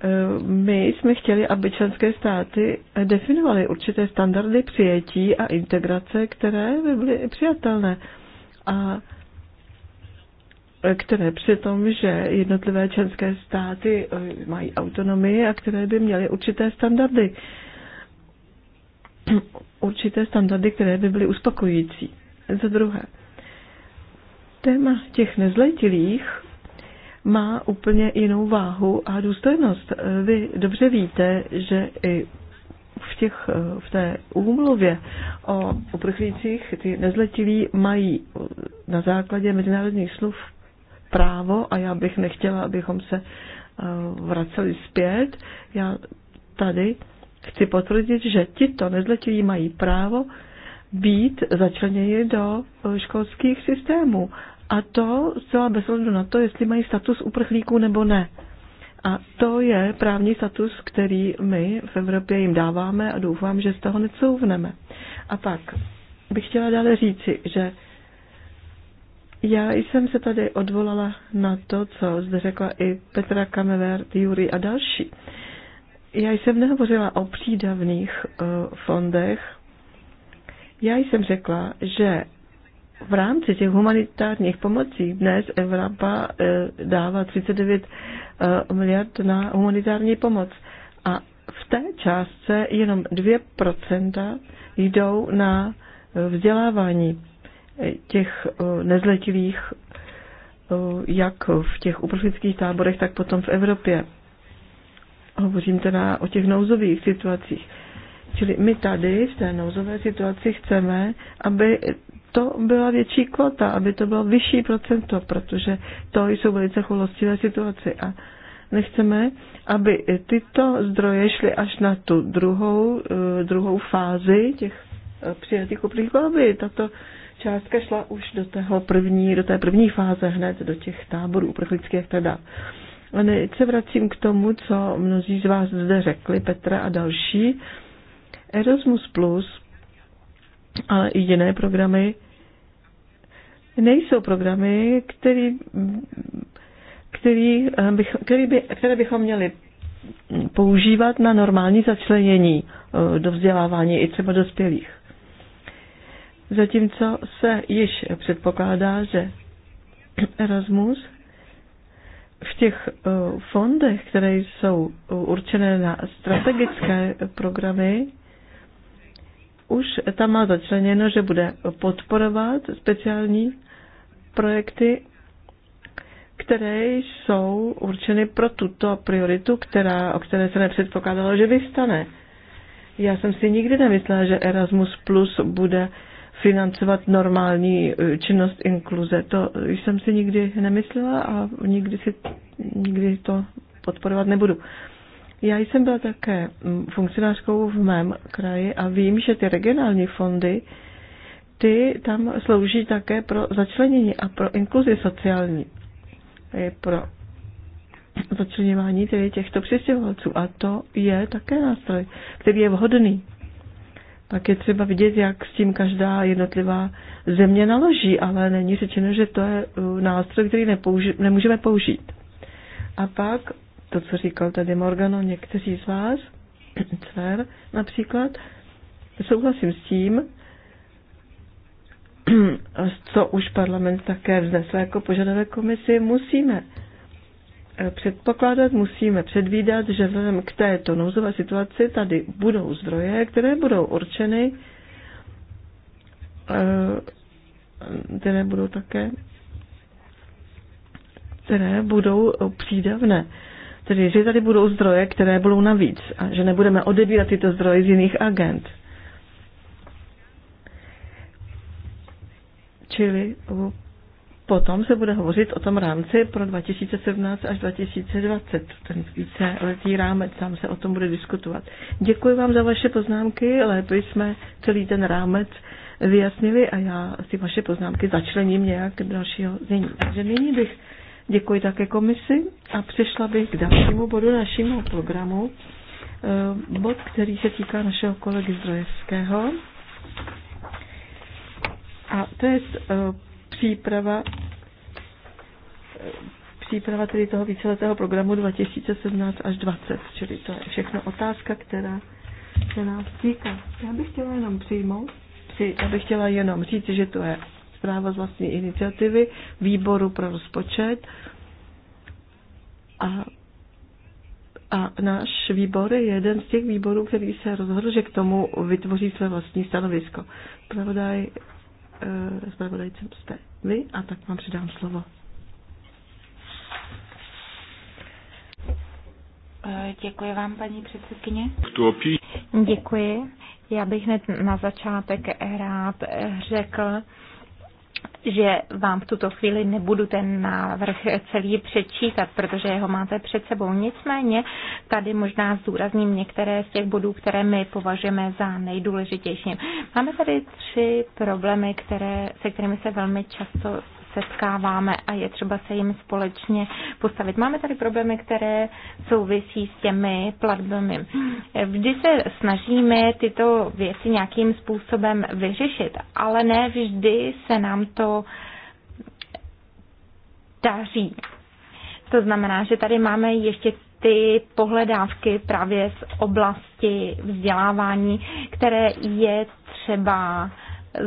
eh, my jsme chtěli, aby členské státy definovaly určité standardy přijetí a integrace, které by byly přijatelné a které při tom, že jednotlivé členské státy eh, mají autonomii a které by měly určité standardy. Určité standardy, které by byly uspokojící. Za druhé, Téma těch nezletilých má úplně jinou váhu a důstojnost. Vy dobře víte, že i v, těch, v té úmluvě o uprchlících ty nezletilí mají na základě mezinárodních slov právo a já bych nechtěla, abychom se eh, vraceli zpět. Já tady chci potvrdit, že tito nezletilí mají právo být začleněni do eh, školských systémů. A to zcela bez ohledu na to, jestli mají status uprchlíků nebo ne. A to je právní status, který my v Evropě jim dáváme a doufám, že z toho necouvneme. A pak bych chtěla dále říci, že já jsem se tady odvolala na to, co zde řekla i Petra Kamever, Jury a další. Já jsem nehovořila o přídavných eh, fondech, já jsem řekla, že v rámci těch humanitárních pomocí dnes Evropa eh, dává 39 eh, miliard na humanitární pomoc. A v té částce jenom 2% jdou na eh, vzdělávání těch nezletilých, jak v těch uprchlických táborech, tak potom v Evropě. Hovořím teda o těch nouzových situacích. Čili my tady v té nouzové situaci chceme, aby to byla větší kvota, aby to bylo vyšší procento, protože to jsou velice chulostivé situace a nechceme, aby tyto zdroje šly až na tu druhou, eh, druhou fázi těch eh, přijatých uprchlíků, aby tato částka šla už do, tého první, do té první fáze hned do těch táborů uprchlických teda. A teď se vracím k tomu, co mnozí z vás zde řekli, Petra a další, Erasmus Plus, ale i jiné programy nejsou programy, který, který, bych, který by, které bychom měli používat na normální začlenění eh, do vzdělávání i třeba dospělých. Zatímco se již předpokládá, že Erasmus v těch eh, fondech, které jsou eh, určené na strategické programy, už tam má začleněno, že bude podporovat speciální projekty, které jsou určeny pro tuto prioritu, která, o které se nepředpokládalo, že vystane. Já jsem si nikdy nemyslela, že Erasmus Plus bude financovat normální eh, činnost inkluze. To jsem si nikdy nemyslela a nikdy, si, nikdy to podporovat nebudu. Já jsem byla také mm, funkcionářkou v mém kraji a vím, že ty regionální fondy, ty tam slouží také pro začlenění a pro inkluzi sociální. Je pro začleněvání tedy těchto přistěhovalců. A to je také nástroj, který je vhodný. Pak je třeba vidět, jak s tím každá jednotlivá země naloží, ale není řečeno, že to je uh, nástroj, který nepouži- nemůžeme použít. A pak to, co říkal tady Morgano, někteří z vás, (clears throat) Cver například, souhlasím s tím, (clears throat) co už parlament také vznesl jako požadavek komisi, musíme eh, předpokládat, musíme předvídat, že vzhledem k této nouzové situaci tady budou zdroje, které budou určeny, eh, které budou také, které budou eh, přídavné Tedy, že tady budou zdroje, které budou navíc a že nebudeme odebírat tyto zdroje z jiných agent. Čili potom se bude hovořit o tom rámci pro 2017 až 2020, ten více letý rámec, tam se o tom bude diskutovat. Děkuji vám za vaše poznámky, lépe jsme celý ten rámec vyjasnili a já si vaše poznámky začlením nějak dalšího znění. Takže nyní bych Děkuji také komisi a přišla bych k dalšímu bodu našeho programu. Eh, bod, který se týká našeho kolegy Zdrojevského. A to je eh, příprava eh, příprava tedy toho víceletého programu 2017 až 20, čili to je všechno otázka, která se nás týká. Já bych chtěla jenom přijmout, já bych chtěla jenom říct, že to je zpráva z vlastní iniciativy výboru pro rozpočet a, a náš výbor je jeden z těch výborů, který se rozhodl, že k tomu vytvoří své vlastní stanovisko. Pravodaj, eh, spravodajcem jste vy a tak vám předám slovo. Eh, děkuji vám, paní předsedkyně. Děkuji. Já bych hned na začátek rád řekl, že vám v tuto chvíli nebudu ten návrh celý přečítat, protože ho máte před sebou. Nicméně tady možná zdůrazním některé z těch bodů, které my považujeme za nejdůležitější. Máme tady tři problémy, které, se kterými se velmi často setkáváme a je třeba se jim společně postavit. Máme tady problémy, které souvisí s těmi platbami. Vždy se snažíme tyto věci nějakým způsobem vyřešit, ale ne vždy se nám to daří. To znamená, že tady máme ještě ty pohledávky právě z oblasti vzdělávání, které je třeba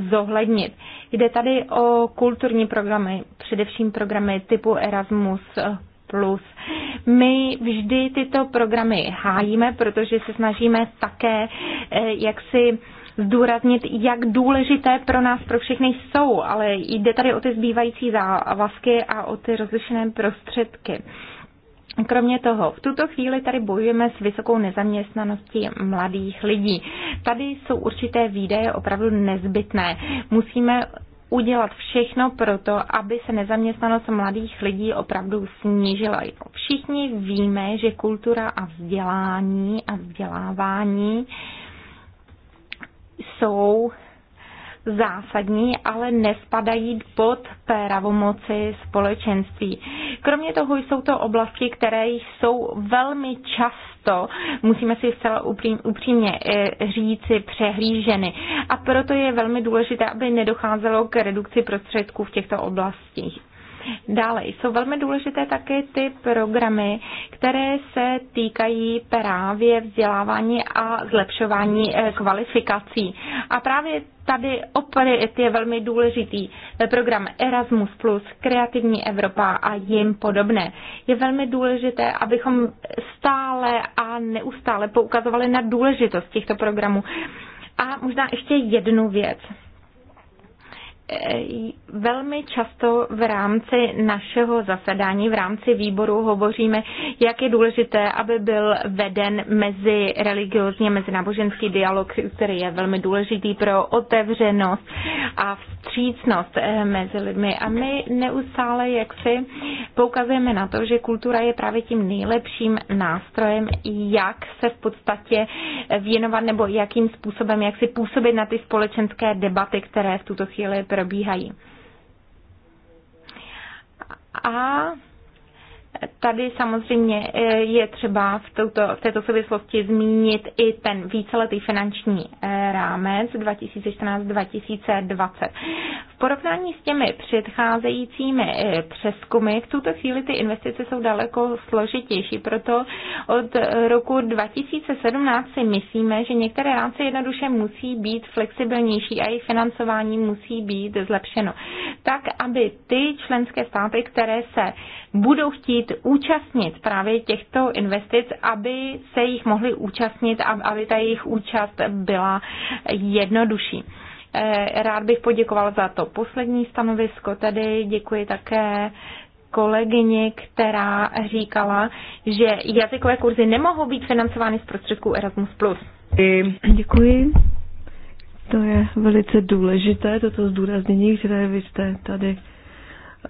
zohlednit. Jde tady o kulturní programy, především programy typu Erasmus, plus. My vždy tyto programy hájíme, protože se snažíme také eh, jak si zdůraznit, jak důležité pro nás, pro všechny jsou, ale jde tady o ty zbývající závazky a o ty rozlišené prostředky. Kromě toho, v tuto chvíli tady bojujeme s vysokou nezaměstnaností mladých lidí. Tady jsou určité výdaje opravdu nezbytné. Musíme udělat všechno pro to, aby se nezaměstnanost mladých lidí opravdu snížila. Všichni víme, že kultura a vzdělání a vzdělávání jsou zásadní, ale nespadají pod pravomoci společenství. Kromě toho jsou to oblasti, které jsou velmi často, musíme si zcela upřímně eh, říci, přehlíženy. A proto je velmi důležité, aby nedocházelo k redukci prostředků v těchto oblastích. Dále jsou velmi důležité také ty programy, které se týkají právě vzdělávání a zlepšování eh, kvalifikací. A právě tady opět je velmi důležitý eh, program Erasmus+, Kreativní Evropa a jim podobné. Je velmi důležité, abychom stále a neustále poukazovali na důležitost těchto programů. A možná ještě jednu věc velmi často v rámci našeho zasedání, v rámci výboru hovoříme, jak je důležité, aby byl veden mezi religiozně, mezi náboženský dialog, který je velmi důležitý pro otevřenost a vstřícnost eh, mezi lidmi. A my neustále jaksi poukazujeme na to, že kultura je právě tím nejlepším nástrojem, jak se v podstatě věnovat nebo jakým způsobem, jak si působit na ty společenské debaty, které v tuto chvíli probíhají. A Tady samozřejmě eh, je třeba v, touto, v této souvislosti zmínit i ten víceletý finanční eh, rámec 2014-2020. V porovnání s těmi předcházejícími eh, přeskumy v tuto chvíli ty investice jsou daleko složitější, proto od roku 2017 si myslíme, že některé rámce jednoduše musí být flexibilnější a jejich financování musí být zlepšeno, tak aby ty členské státy, které se budou chtít účastnit právě těchto investic, aby se jich mohli účastnit, a aby ta jejich účast byla jednodušší. Eh, rád bych poděkoval za to poslední stanovisko. Tady děkuji také kolegyni, která říkala, že jazykové kurzy nemohou být financovány z prostředků Erasmus+. Děkuji. To je velice důležité, toto zdůraznění, které vy jste tady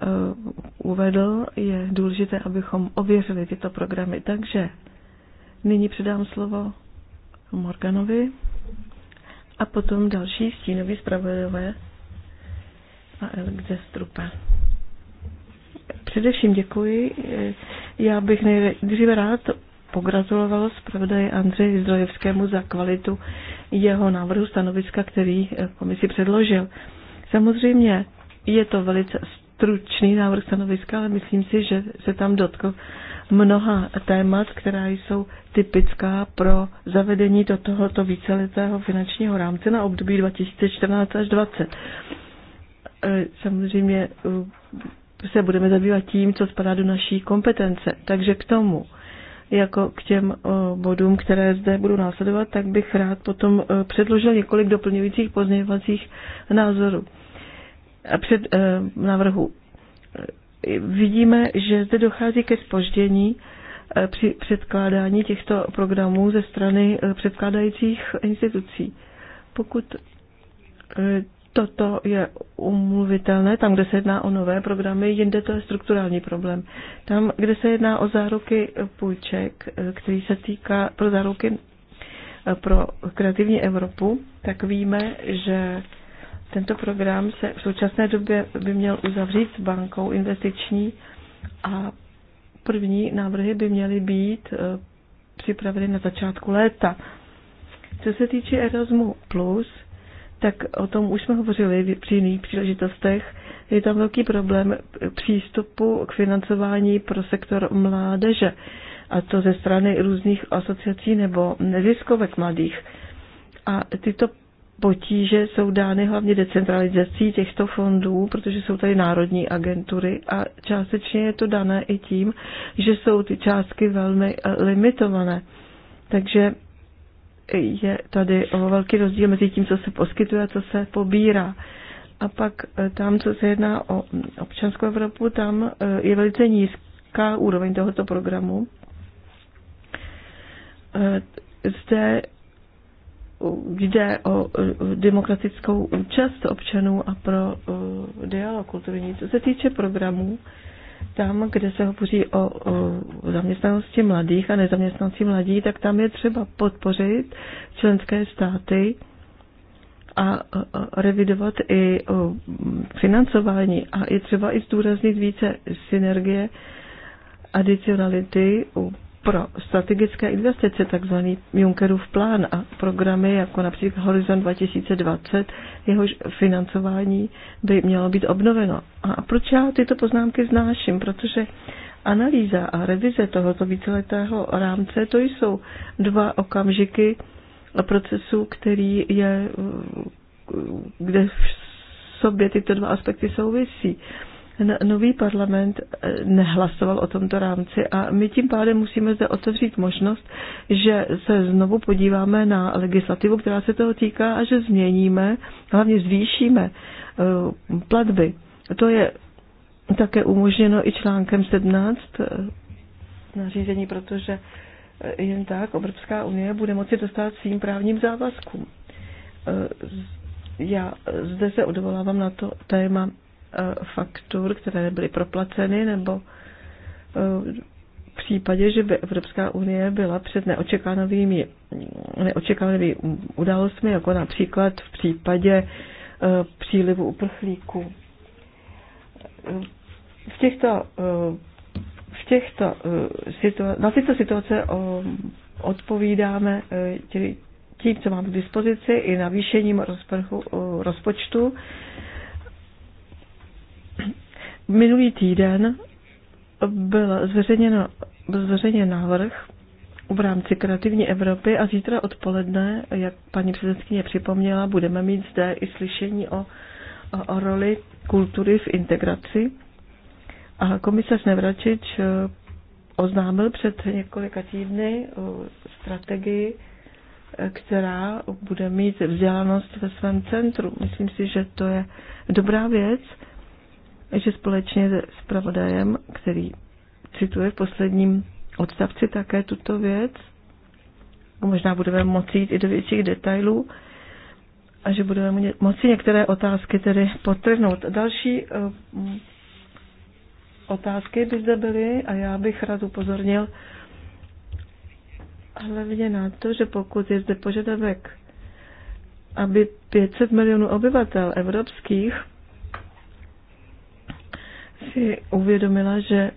Eh, uvedl, je důležité, abychom ověřili tyto programy. Takže nyní předám slovo Morganovi a potom další stínový zpravodajové a Elk Strupa. Především děkuji. Já bych nejdříve rád pogratuloval zpravodaji Andřeji Zdrojevskému za kvalitu jeho návrhu stanoviska, který eh, komisi předložil. Samozřejmě je to velice stručný návrh stanoviska, ale myslím si, že se tam dotkl mnoha témat, která jsou typická pro zavedení do tohoto víceletého finančního rámce na období 2014 až 2020. E, samozřejmě e, se budeme zabývat tím, co spadá do naší kompetence. Takže k tomu, jako k těm e, bodům, které zde budou následovat, tak bych rád potom předložil několik doplňujících pozměňovacích názorů před eh, návrhu. Vidíme, že zde dochází ke spoždění eh, při předkládání těchto programů ze strany eh, předkládajících institucí. Pokud toto je umluvitelné, tam, kde se jedná o nové programy, jinde to je strukturální problém. Tam, kde se jedná o záruky půjček, který se týká pro záruky pro kreativní Evropu, tak víme, že tento program se v současné době by měl uzavřít s bankou investiční a první návrhy by měly být eh, připraveny na začátku léta. Co se týče Erasmu+, tak o tom už jsme hovořili při jiných příležitostech. Je tam velký problém přístupu k financování pro sektor mládeže, a to ze strany různých asociací nebo neziskovek mladých. A tyto Potíže jsou dány hlavně decentralizací těchto fondů, protože jsou tady národní agentury a částečně je to dané i tím, že jsou ty částky velmi eh, limitované. Takže je tady velký rozdíl mezi tím, co se poskytuje a co se pobírá. A pak eh, tam, co se jedná o mm, občanskou Evropu, tam eh, je velice nízká úroveň tohoto programu. Zde jde o demokratickou účast občanů a pro dialog kulturní. Co se týče programů, tam, kde se hovoří o, o zaměstnanosti mladých a nezaměstnanosti mladí, tak tam je třeba podpořit členské státy a, revidovat i financování a je třeba i zdůraznit více synergie, adicionality pro strategické investice, takzvaný Junckerův plán a programy jako například Horizon 2020, jehož financování by mělo být obnoveno. A proč já tyto poznámky znáším? Protože analýza a revize tohoto víceletého rámce, to jsou dva okamžiky procesu, který je, kde v sobě tyto dva aspekty souvisí nový parlament eh, nehlasoval o tomto rámci a my tím pádem musíme zde otevřít možnost, že se znovu podíváme na legislativu, která se toho týká a že změníme, hlavně zvýšíme eh, platby. To je také umožněno i článkem 17 eh, nařízení, protože jen tak Evropská unie bude moci dostat svým právním závazkům. Já zde se odvolávám na to téma Eh, faktur, které nebyly proplaceny, nebo eh, v případě, že by Evropská unie byla před neočekávanými, neočekávanými událostmi, jako například v případě eh, přílivu uprchlíků. V těchto, v těchto situa- na tyto situace odpovídáme tím, co mám k dispozici, i navýšením rozprchu, rozpočtu Minulý týden byl zveřejněn, zveřejněn návrh v rámci Kreativní Evropy a zítra odpoledne, jak paní předsedkyně připomněla, budeme mít zde i slyšení o, o, o roli kultury v integraci. A komisař Nevračič eh, oznámil před několika týdny eh, strategii, eh, která bude mít vzdělanost ve svém centru. Myslím si, že to je dobrá věc že společně se zpravodajem, který cituje v posledním odstavci také tuto věc, možná budeme moci jít i do větších detailů, a že budeme moci některé otázky tedy potrhnout. Další eh, otázky by zde byly a já bych rád upozornil hlavně na to, že pokud je zde požadavek, aby 500 milionů obyvatel evropských si uvědomila, že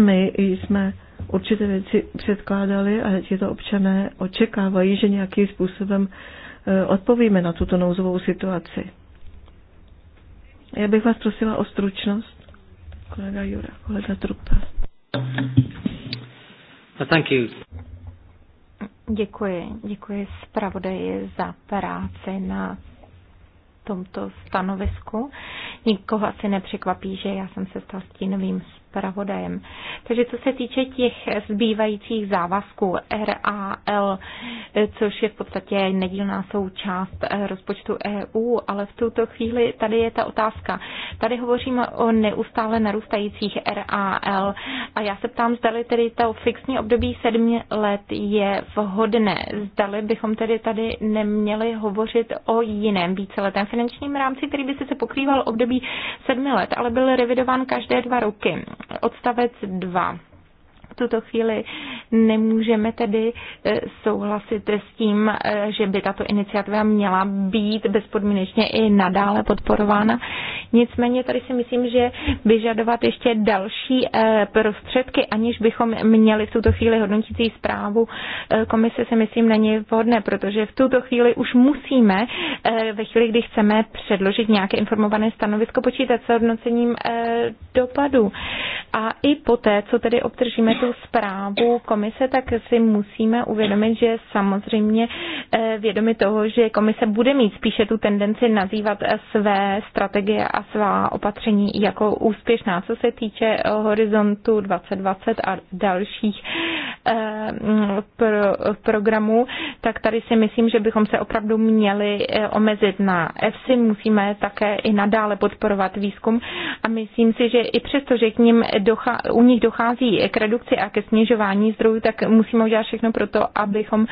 my jsme určité věci předkládali a tito občané očekávají, že nějakým způsobem e, odpovíme na tuto nouzovou situaci. Já bych vás prosila o stručnost. Kolega Jura, kolega Trupa. No, thank you. Děkuji. Děkuji zpravodaji za práci na tomto stanovisku. Nikoho asi nepřekvapí, že já jsem se stal stínovým zpravodajem. Takže co se týče těch zbývajících závazků RAL, což je v podstatě nedílná součást eh, rozpočtu EU, ale v tuto chvíli tady je ta otázka. Tady hovoříme o neustále narůstajících RAL a já se ptám, zdali tedy to fixní období sedmi let je vhodné. Zdali bychom tedy tady neměli hovořit o jiném víceletém finančním rámci, který by se pokrýval období sedmi let, ale byl revidován každé dva roky. Odstavec 2 tuto chvíli nemůžeme tedy e, souhlasit s tím, e, že by tato iniciativa měla být bezpodmínečně i nadále podporována. Nicméně tady si myslím, že vyžadovat ještě další e, prostředky, aniž bychom měli v tuto chvíli hodnotící zprávu komise, si myslím, není vhodné, protože v tuto chvíli už musíme, ve chvíli, kdy chceme předložit nějaké informované stanovisko, počítat s hodnocením dopadu. A i poté, co tedy obdržíme tu tu zprávu komise, tak si musíme uvědomit, že samozřejmě eh, vědomi toho, že komise bude mít spíše tu tendenci nazývat eh, své strategie a svá opatření jako úspěšná, co se týče eh, horizontu 2020 a dalších mm, programů, tak tady si myslím, že bychom se opravdu měli omezit na EFSI, musíme také i nadále podporovat výzkum a myslím si, že i přesto, že k ním docha- u nich dochází k redukci a ke snižování zdrojů, tak musíme udělat všechno pro to, abychom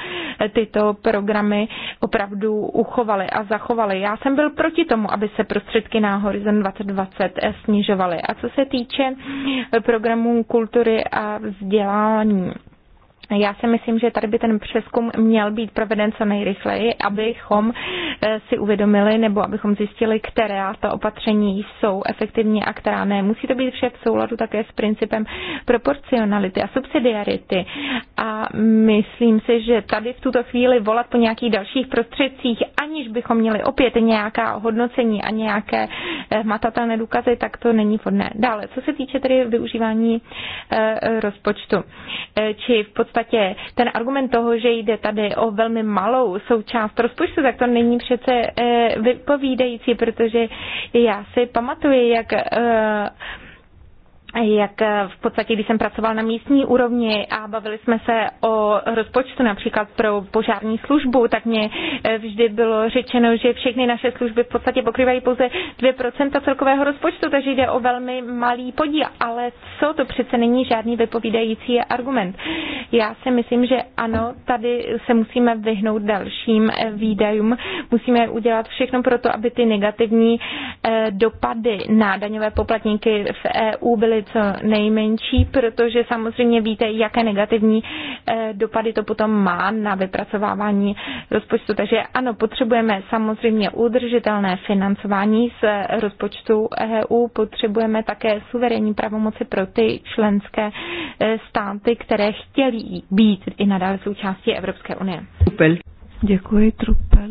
tyto programy opravdu uchovali a zachovali. Já jsem byl proti tomu, aby se prostředky na Horizon 2020 snižovaly. A co se týče programů kultury a vzdělání, já si myslím, že tady by ten přeskum měl být proveden co nejrychleji, abychom eh, si uvědomili nebo abychom zjistili, která ta opatření jsou efektivní a která ne. Musí to být vše v souladu také s principem proporcionality a subsidiarity. A myslím si, že tady v tuto chvíli volat po nějakých dalších prostředcích, aniž bychom měli opět nějaká hodnocení a nějaké eh, matatelné důkazy, tak to není vhodné. Dále, co se týče tedy využívání eh, rozpočtu, či v podstatě podstatě ten argument toho, že jde tady o velmi malou součást rozpočtu, tak to není přece eh, vypovídající, protože já si pamatuju, jak eh, jak eh, v podstatě, když jsem pracoval na místní úrovni a bavili jsme se o rozpočtu například pro požární službu, tak mě eh, vždy bylo řečeno, že všechny naše služby v podstatě pokrývají pouze 2% celkového rozpočtu, takže jde o velmi malý podíl. Ale co to přece není žádný vypovídající argument. Já si myslím, že ano, tady se musíme vyhnout dalším eh, výdajům. Musíme udělat všechno pro to, aby ty negativní dopady na daňové poplatníky v EU byly co nejmenší, protože samozřejmě víte, jaké negativní eh, dopady to potom má na vypracovávání rozpočtu. Takže ano, potřebujeme samozřejmě udržitelné financování z eh, rozpočtu EU, potřebujeme také suverénní pravomoci pro ty členské eh, státy, které chtěly být i nadále součástí Evropské unie. Děkuji, Trupel.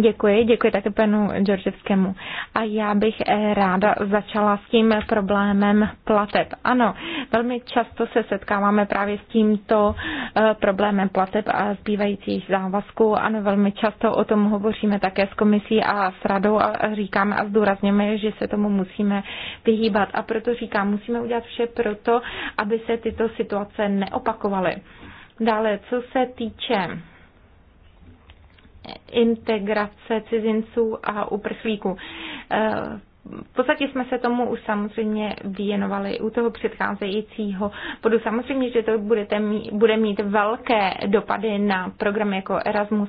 Děkuji, děkuji také panu Georgevskému. A já bych eh, ráda začala s tím problémem plateb. Ano, velmi často se setkáváme právě s tímto eh, problémem plateb a zbývajících závazků. Ano, velmi často o tom hovoříme také s komisí a s radou a říkáme a zdůrazněme, že se tomu musíme vyhýbat. A proto říkám, musíme udělat vše proto, aby se tyto situace neopakovaly. Dále, co se týče integrace cizinců a uprchlíků. Eh, v podstatě jsme se tomu už samozřejmě věnovali u toho předcházejícího bodu. Samozřejmě, že to budete mít, bude mít velké dopady na programy jako Erasmus+,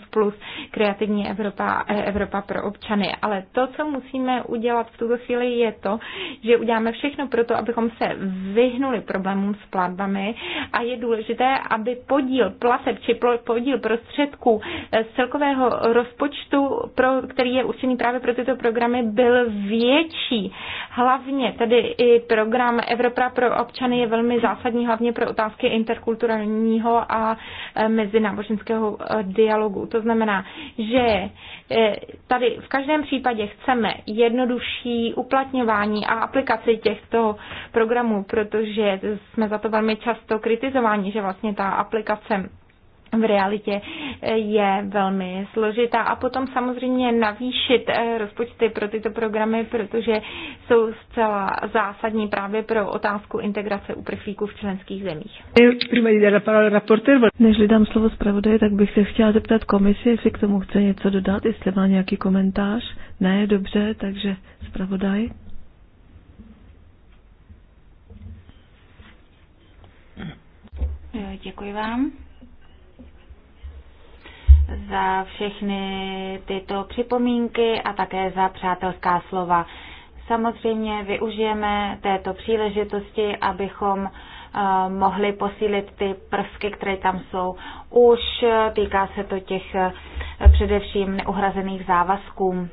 Kreativní Evropa, eh, Evropa pro občany, ale to, co musíme udělat v tuto chvíli, je to, že uděláme všechno pro to, abychom se vyhnuli problémům s platbami a je důležité, aby podíl plateb či podíl prostředků eh, z celkového rozpočtu, pro, který je určený právě pro tyto programy, byl větší větší. Hlavně tedy i program Evropa pro občany je velmi zásadní, hlavně pro otázky interkulturálního a e, mezináboženského e, dialogu. To znamená, že e, tady v každém případě chceme jednodušší uplatňování a aplikaci těchto programů, protože jsme za to velmi často kritizováni, že vlastně ta aplikace v realitě eh, je velmi složitá. A potom samozřejmě navýšit eh, rozpočty pro tyto programy, protože jsou zcela zásadní právě pro otázku integrace uprchlíků v členských zemích. Než dám slovo zpravodaje, tak bych se chtěla zeptat komisi, jestli k tomu chce něco dodat, jestli má nějaký komentář. Ne, dobře, takže zpravodaj. Eh, děkuji vám za všechny tyto připomínky a také za přátelská slova. Samozřejmě využijeme této příležitosti, abychom eh, mohli posílit ty prvky, které tam jsou. Už eh, týká se to těch eh, především neuhrazených závazků.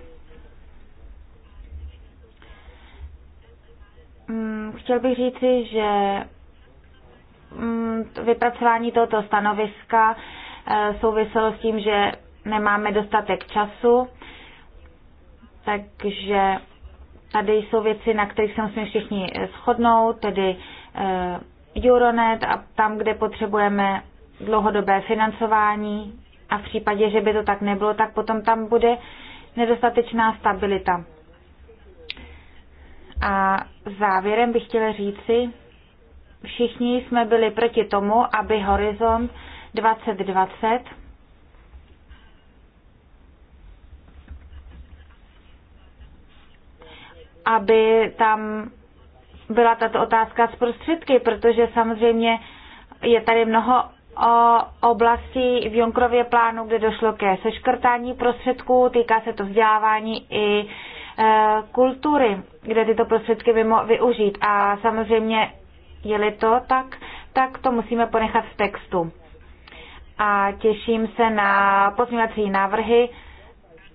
Mm, chtěl bych říci, že mm, vypracování tohoto stanoviska Eh, souviselo s tím, že nemáme dostatek času, takže tady jsou věci, na kterých se musíme všichni eh, shodnout, tedy eh, Euronet a tam, kde potřebujeme dlouhodobé financování a v případě, že by to tak nebylo, tak potom tam bude nedostatečná stabilita. A závěrem bych chtěla říci, všichni jsme byli proti tomu, aby Horizont 2020. aby tam byla tato otázka z prostředky, protože samozřejmě je tady mnoho oblastí v Junkrově plánu, kde došlo ke seškrtání prostředků, týká se to vzdělávání i e, kultury, kde tyto prostředky by mohly využít. A samozřejmě, je-li to tak, tak to musíme ponechat v textu a těším se na pozměňovací návrhy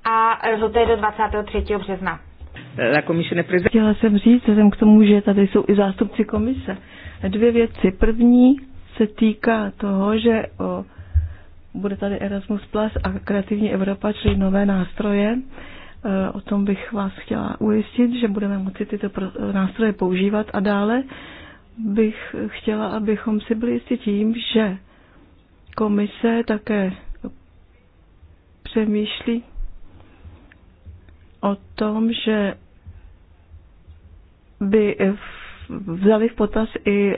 a lhuty do 23. března. Chtěla jsem říct, jsem k tomu, že tady jsou i zástupci komise, dvě věci. První se týká toho, že o, bude tady Erasmus Plus a Kreativní Evropa, čili nové nástroje. E, o tom bych vás chtěla ujistit, že budeme moci tyto nástroje používat a dále bych chtěla, abychom si byli jistí tím, že Komise také přemýšlí o tom, že by vzali v potaz i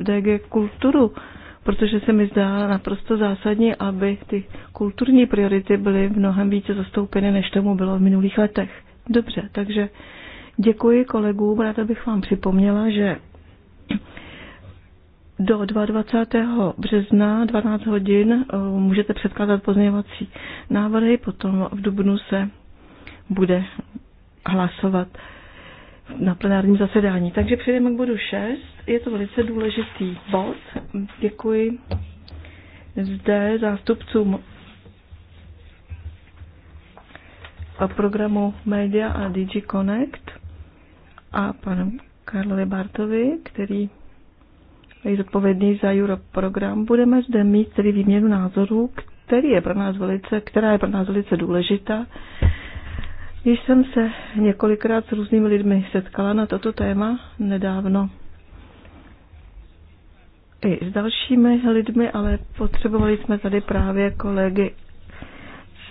DG kulturu, protože se mi zdá naprosto zásadní, aby ty kulturní priority byly mnohem více zastoupeny, než tomu bylo v minulých letech. Dobře, takže děkuji kolegům. Ráda bych vám připomněla, že do 22. března 12 hodin eh, můžete předkládat pozměňovací návrhy, potom v dubnu se bude hlasovat na plenárním zasedání. Takže přejdeme k bodu 6. Je to velice důležitý bod. Děkuji zde zástupcům programu Media a DIGICONNECT a panu Karlovi Bartovi, který je zodpovědný za Europe program, budeme zde mít tedy výměnu názorů, který je pro nás velice, která je pro nás velice důležitá. Když jsem se několikrát s různými lidmi setkala na toto téma nedávno, i s dalšími lidmi, ale potřebovali jsme tady právě kolegy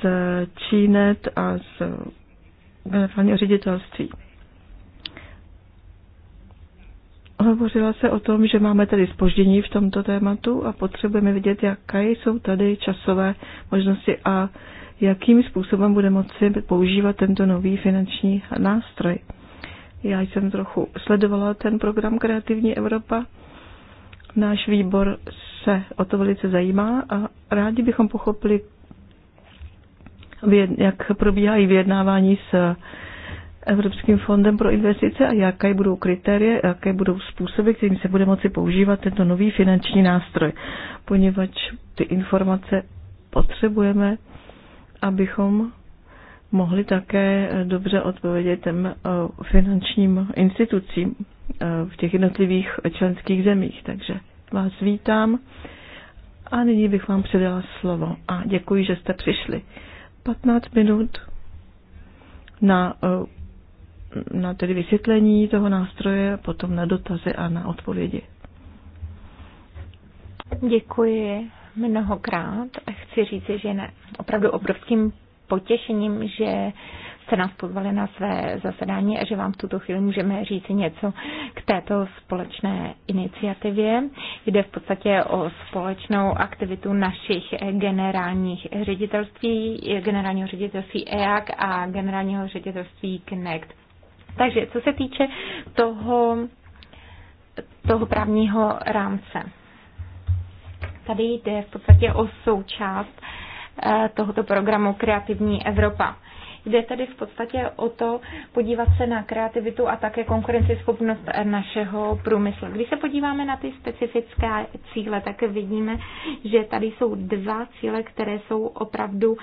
z Čínet a z generálního ředitelství. Hovořila se o tom, že máme tady spoždění v tomto tématu a potřebujeme vidět, jaké jsou tady časové možnosti a jakým způsobem bude moci používat tento nový finanční nástroj. Já jsem trochu sledovala ten program Kreativní Evropa. Náš výbor se o to velice zajímá a rádi bychom pochopili, jak probíhají vyjednávání s Evropským fondem pro investice a jaké budou kritérie, jaké budou způsoby, kterým se bude moci používat tento nový finanční nástroj, poněvadž ty informace potřebujeme, abychom mohli také dobře odpovědět těm eh, finančním institucím eh, v těch jednotlivých členských zemích. Takže vás vítám a nyní bych vám předala slovo a děkuji, že jste přišli. 15 minut na eh, na tedy vysvětlení toho nástroje, potom na dotazy a na odpovědi. Děkuji mnohokrát. Chci říct, že je opravdu obrovským potěšením, že jste nás pozvali na své zasedání a že vám v tuto chvíli můžeme říct něco k této společné iniciativě. Jde v podstatě o společnou aktivitu našich generálních ředitelství, generálního ředitelství EAC a generálního ředitelství Connect. Takže co se týče toho, toho právního rámce. Tady jde v podstatě o součást eh, tohoto programu Kreativní Evropa. Jde tedy v podstatě o to podívat se na kreativitu a také konkurenceschopnost eh, našeho průmyslu. Když se podíváme na ty specifické cíle, tak vidíme, že tady jsou dva cíle, které jsou opravdu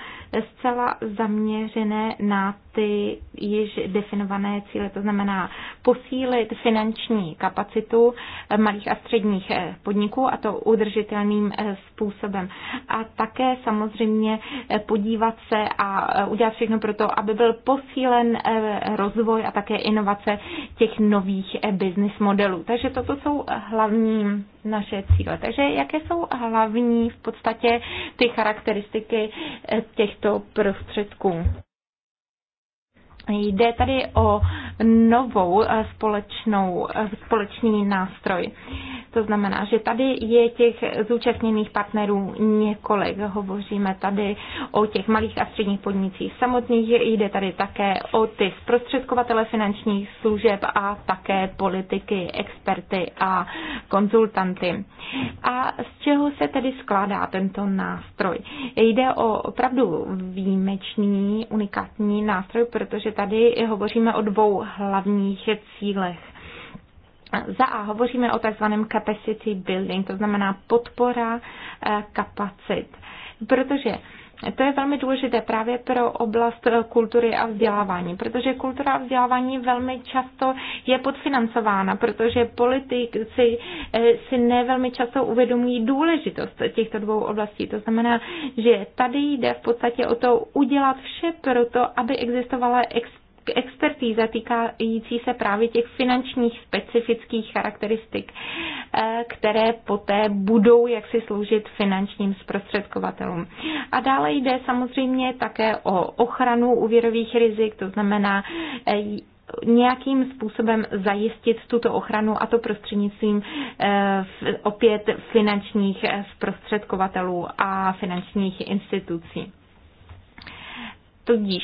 zcela zaměřené na ty již definované cíle, to znamená posílit finanční kapacitu eh, malých a středních eh, podniků a to udržitelným eh, způsobem. A také samozřejmě podívat se a udělat všechno pro to, aby byl posílen rozvoj a také inovace těch nových business modelů. Takže toto jsou hlavní naše cíle. Takže jaké jsou hlavní v podstatě ty charakteristiky těchto prostředků? Jde tady o novou eh, společnou, eh, společný nástroj. To znamená, že tady je těch zúčastněných partnerů několik. Hovoříme tady o těch malých a středních podnicích samotných, jde tady také o ty zprostředkovatele finančních služeb a také politiky, experty a konzultanty. A z čeho se tedy skládá tento nástroj? Jde o opravdu výjimečný, unikátní nástroj, protože tady hovoříme o dvou hlavních cílech. Za A hovoříme o takzvaném capacity building, to znamená podpora eh, kapacit. Protože to je velmi důležité právě pro oblast kultury a vzdělávání, protože kultura a vzdělávání velmi často je podfinancována, protože politici eh, si nevelmi často uvědomují důležitost těchto dvou oblastí. To znamená, že tady jde v podstatě o to udělat vše pro to, aby existovala expertní expertíza týkající se právě těch finančních specifických charakteristik, eh, které poté budou jaksi sloužit finančním zprostředkovatelům. A dále jde samozřejmě také o ochranu úvěrových rizik, to znamená eh, nějakým způsobem zajistit tuto ochranu a to prostřednictvím eh, opět finančních zprostředkovatelů a finančních institucí. Tudíž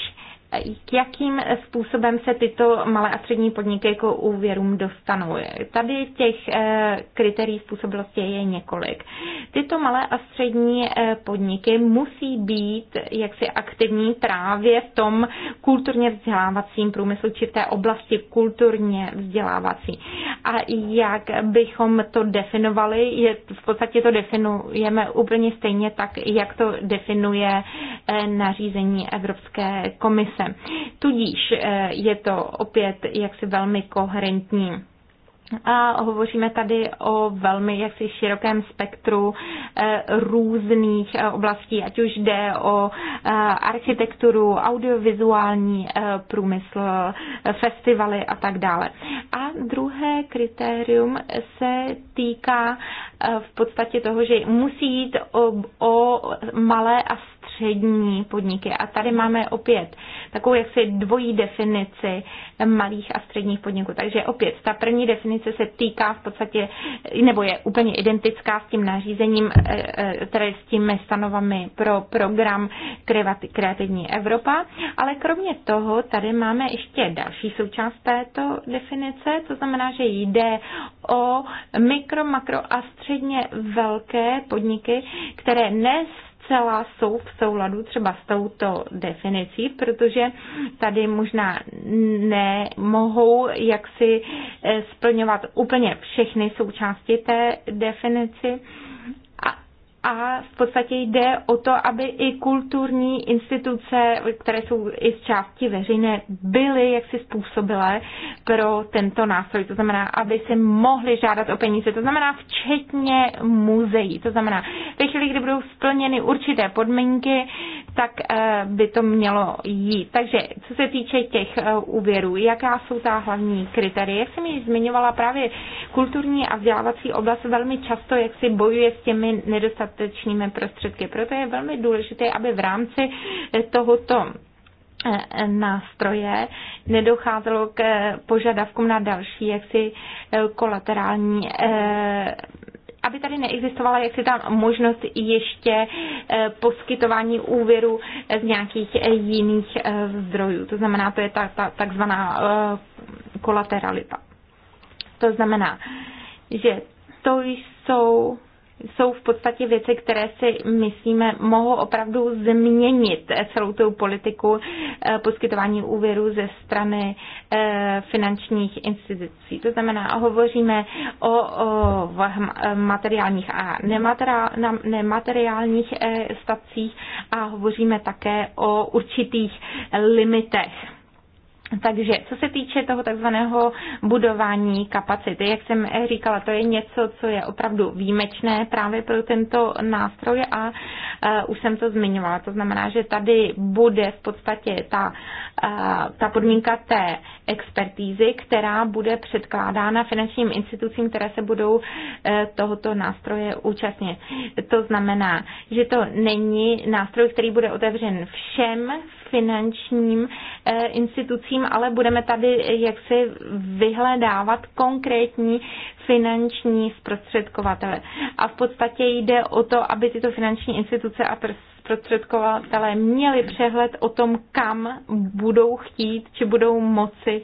jakým způsobem se tyto malé a střední podniky jako úvěrům dostanou. Tady těch eh, kritérií způsobilosti je několik. Tyto malé a střední eh, podniky musí být jaksi aktivní právě v tom kulturně vzdělávacím průmyslu, či v té oblasti kulturně vzdělávací. A jak bychom to definovali, je, v podstatě to definujeme úplně stejně tak, jak to definuje eh, nařízení Evropské komise práce. Tudíž eh, je to opět jaksi velmi koherentní. A hovoříme tady o velmi jaksi širokém spektru eh, různých eh, oblastí, ať už jde o architekturu, audiovizuální průmysl, festivaly a tak dále. A druhé kritérium se týká v podstatě toho, že musí jít o, o malé a střední podniky. A tady máme opět takovou jaksi dvojí definici malých a středních podniků. Takže opět ta první definice se týká v podstatě, nebo je úplně identická s tím nařízením, které eh, eh, s těmi stanovami pro program Kreativní Evropa. Ale kromě toho tady máme ještě další součást této definice, to znamená, že jde o mikro, makro a středně velké podniky, které dnes zcela jsou v souladu třeba s touto definicí, protože tady možná nemohou jaksi eh, splňovat úplně všechny součásti té definici a v podstatě jde o to, aby i kulturní instituce, které jsou i z části veřejné, byly jaksi způsobilé pro tento nástroj. To znamená, aby si mohli žádat o peníze. To znamená včetně muzeí. To znamená, ve chvíli, kdy budou splněny určité podmínky, tak eh, by to mělo jít. Takže co se týče těch eh, úvěrů, jaká jsou ta hlavní kritéria? Jak jsem ji zmiňovala, právě kulturní a vzdělávací oblast velmi často jak si bojuje s těmi nedostatky dostatečnými prostředky. Proto je velmi důležité, aby v rámci tohoto eh, nástroje nedocházelo k požadavkům na další jaksi eh, kolaterální eh, aby tady neexistovala jaksi tam možnost ještě poskytování úvěru z nějakých jiných zdrojů. To znamená, to je ta, ta takzvaná kolateralita. To znamená, že to jsou jsou v podstatě věci, které si myslíme mohou opravdu změnit celou tu politiku eh, poskytování úvěru ze strany eh, finančních institucí. To znamená, hovoříme o, o materiálních a nemateriálních eh, stacích a hovoříme také o určitých limitech takže co se týče toho takzvaného budování kapacity, jak jsem říkala, to je něco, co je opravdu výjimečné právě pro tento nástroj a uh, už jsem to zmiňovala. To znamená, že tady bude v podstatě ta, uh, ta podmínka té expertízy, která bude předkládána finančním institucím, které se budou uh, tohoto nástroje účastnit. To znamená, že to není nástroj, který bude otevřen všem finančním eh, institucím, ale budeme tady jaksi vyhledávat konkrétní finanční zprostředkovatele. A v podstatě jde o to, aby tyto finanční instituce a zprostředkovatele měli přehled o tom, kam budou chtít, či budou moci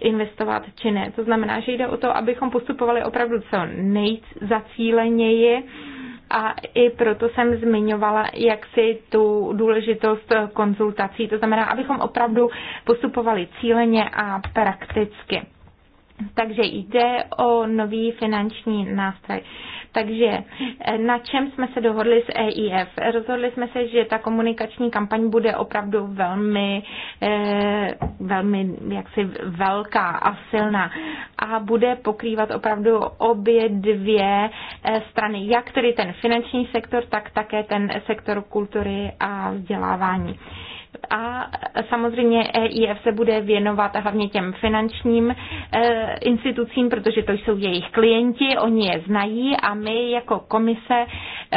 investovat, či ne. To znamená, že jde o to, abychom postupovali opravdu co nejzacíleněji, a i proto jsem zmiňovala si tu důležitost konzultací. To znamená, abychom opravdu postupovali cíleně a prakticky. Takže jde o nový finanční nástroj. Takže eh, na čem jsme se dohodli s EIF? Rozhodli jsme se, že ta komunikační kampaň bude opravdu velmi, eh, velmi jaksi velká a silná a bude pokrývat opravdu obě dvě eh, strany, jak tedy ten finanční sektor, tak také ten sektor kultury a vzdělávání a samozřejmě EIF se bude věnovat hlavně těm finančním e, institucím, protože to jsou jejich klienti, oni je znají a my jako komise e,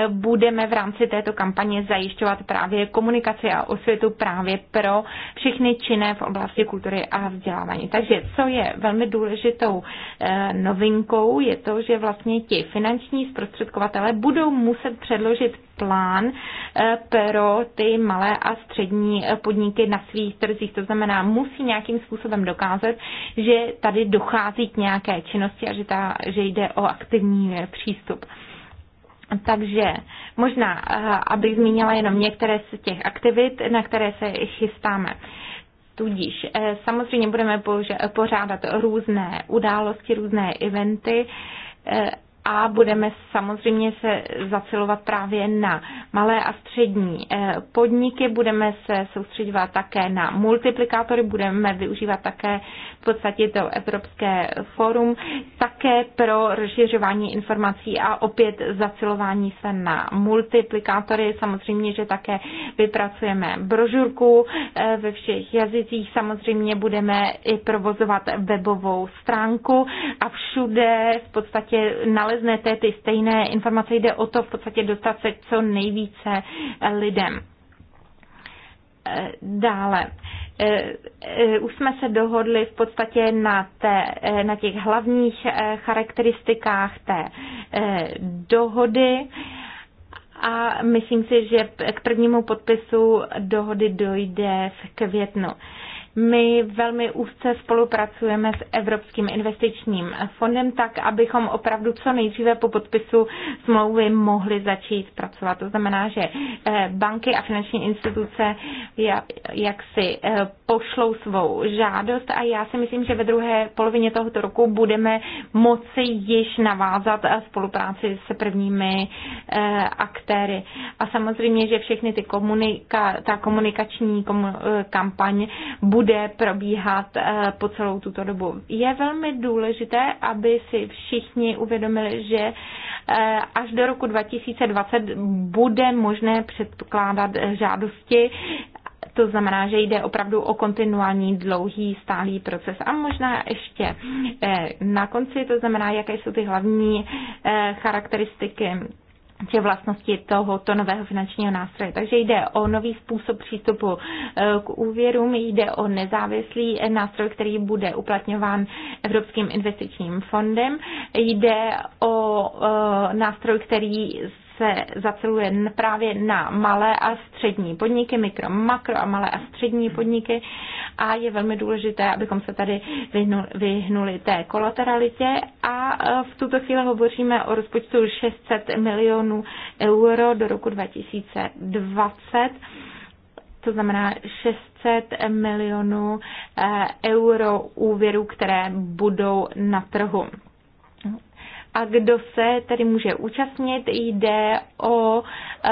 budeme v rámci této kampaně zajišťovat právě komunikaci a osvětu právě pro všechny činné v oblasti kultury a vzdělávání. Takže co je velmi důležitou e, novinkou, je to, že vlastně ti finanční zprostředkovatele budou muset předložit plán eh, pro ty malé a střední eh, podniky na svých trzích. To znamená, musí nějakým způsobem dokázat, že tady dochází k nějaké činnosti a že, ta, že jde o aktivní eh, přístup. Takže možná, abych zmínila jenom některé z těch aktivit, na které se chystáme. Tudíž samozřejmě budeme pořádat různé události, různé eventy a budeme samozřejmě se zacilovat právě na malé a střední eh, podniky, budeme se soustředovat také na multiplikátory, budeme využívat také v podstatě to Evropské fórum, také pro rozšiřování informací a opět zacilování se na multiplikátory. Samozřejmě, že také vypracujeme brožurku eh, ve všech jazycích, samozřejmě budeme i provozovat webovou stránku a všude v podstatě na naleznete ty stejné informace. Jde o to v podstatě dostat se co nejvíce eh, lidem. Eh, dále eh, už jsme se dohodli v podstatě na, té, na těch hlavních charakteristikách té dohody a myslím si, že k prvnímu podpisu dohody dojde v květnu. My velmi úzce spolupracujeme s Evropským investičním fondem tak, abychom opravdu co nejdříve po podpisu smlouvy mohli začít pracovat. To znamená, že eh, banky a finanční instituce jak si eh, pošlou svou žádost a já si myslím, že ve druhé polovině tohoto roku budeme moci již navázat eh, spolupráci se prvními aktéry. A samozřejmě, že všechny ty komunika, ta komunikační komu, kampaň bude bude probíhat eh, po celou tuto dobu. Je velmi důležité, aby si všichni uvědomili, že eh, až do roku 2020 bude možné předkládat eh, žádosti to znamená, že jde opravdu o kontinuální, dlouhý, stálý proces. A možná ještě na konci, to znamená, jaké jsou ty hlavní charakteristiky tě vlastnosti tohoto nového finančního nástroje. Takže jde o nový způsob přístupu eh, k úvěrům, jde o nezávislý nástroj, který bude uplatňován Evropským investičním fondem, jde o eh, nástroj, který se zaceluje právě na malé a střední podniky, mikro, makro a malé a střední podniky a je velmi důležité, abychom se tady vyhnuli té kolateralitě a e, v tuto chvíli hovoříme o rozpočtu 600 milionů euro do roku 2020 to znamená 600 milionů e, euro úvěrů, které budou na trhu a kdo se tedy může účastnit. Jde o e,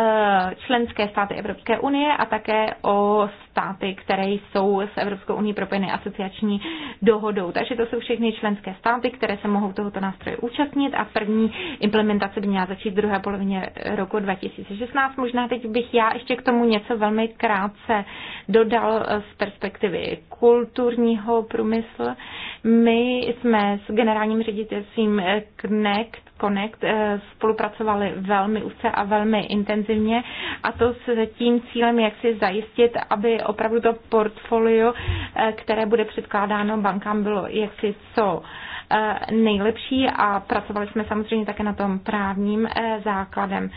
členské státy Evropské unie a také o státy, které jsou s Evropskou unii propojeny asociační dohodou. Takže to jsou všechny členské státy, které se mohou tohoto nástroje účastnit a první implementace by měla začít v druhé polovině roku 2016. Možná teď bych já ještě k tomu něco velmi krátce dodal z perspektivy kulturního průmyslu. My jsme s generálním ředitelstvím KNE Connect, Connect eh, spolupracovali velmi úzce a velmi intenzivně a to s tím cílem, jak si zajistit, aby opravdu to portfolio, eh, které bude předkládáno bankám, bylo jaksi co Eh, nejlepší a pracovali jsme samozřejmě také na tom právním eh, základem.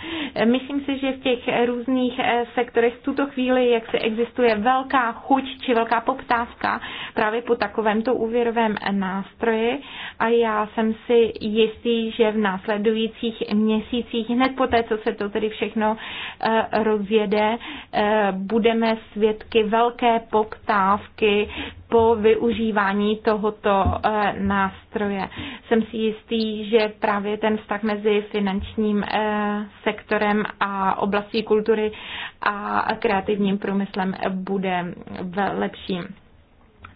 Myslím si, že v těch různých eh, sektorech v tuto chvíli, jak se existuje velká chuť či velká poptávka právě po takovémto úvěrovém nástroji a já jsem si jistý, že v následujících měsících, hned po té, co se to tedy všechno rozjede, budeme svědky velké poptávky po využívání tohoto eh, nástroje. Jsem si jistý, že právě ten vztah mezi finančním eh, sektorem a oblastí kultury a kreativním průmyslem bude lepším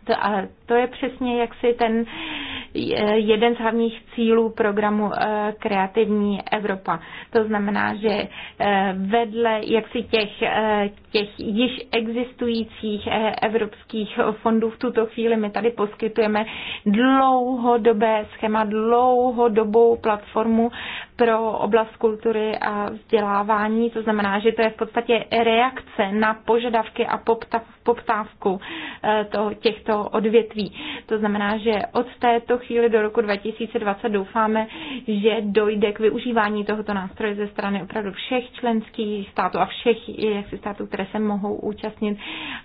to, a to je přesně jaksi ten jeden z hlavních cílů programu eh, Kreativní Evropa. To znamená, že eh, vedle jaksi těch, eh, těch již existujících evropských fondů v tuto chvíli my tady poskytujeme dlouhodobé schéma, dlouhodobou platformu pro oblast kultury a vzdělávání. To znamená, že to je v podstatě reakce na požadavky a poptávku toho, těchto odvětví. To znamená, že od této chvíli do roku 2020 doufáme, že dojde k využívání tohoto nástroje ze strany opravdu všech členských států a všech eh, jaksi států, které se mohou účastnit.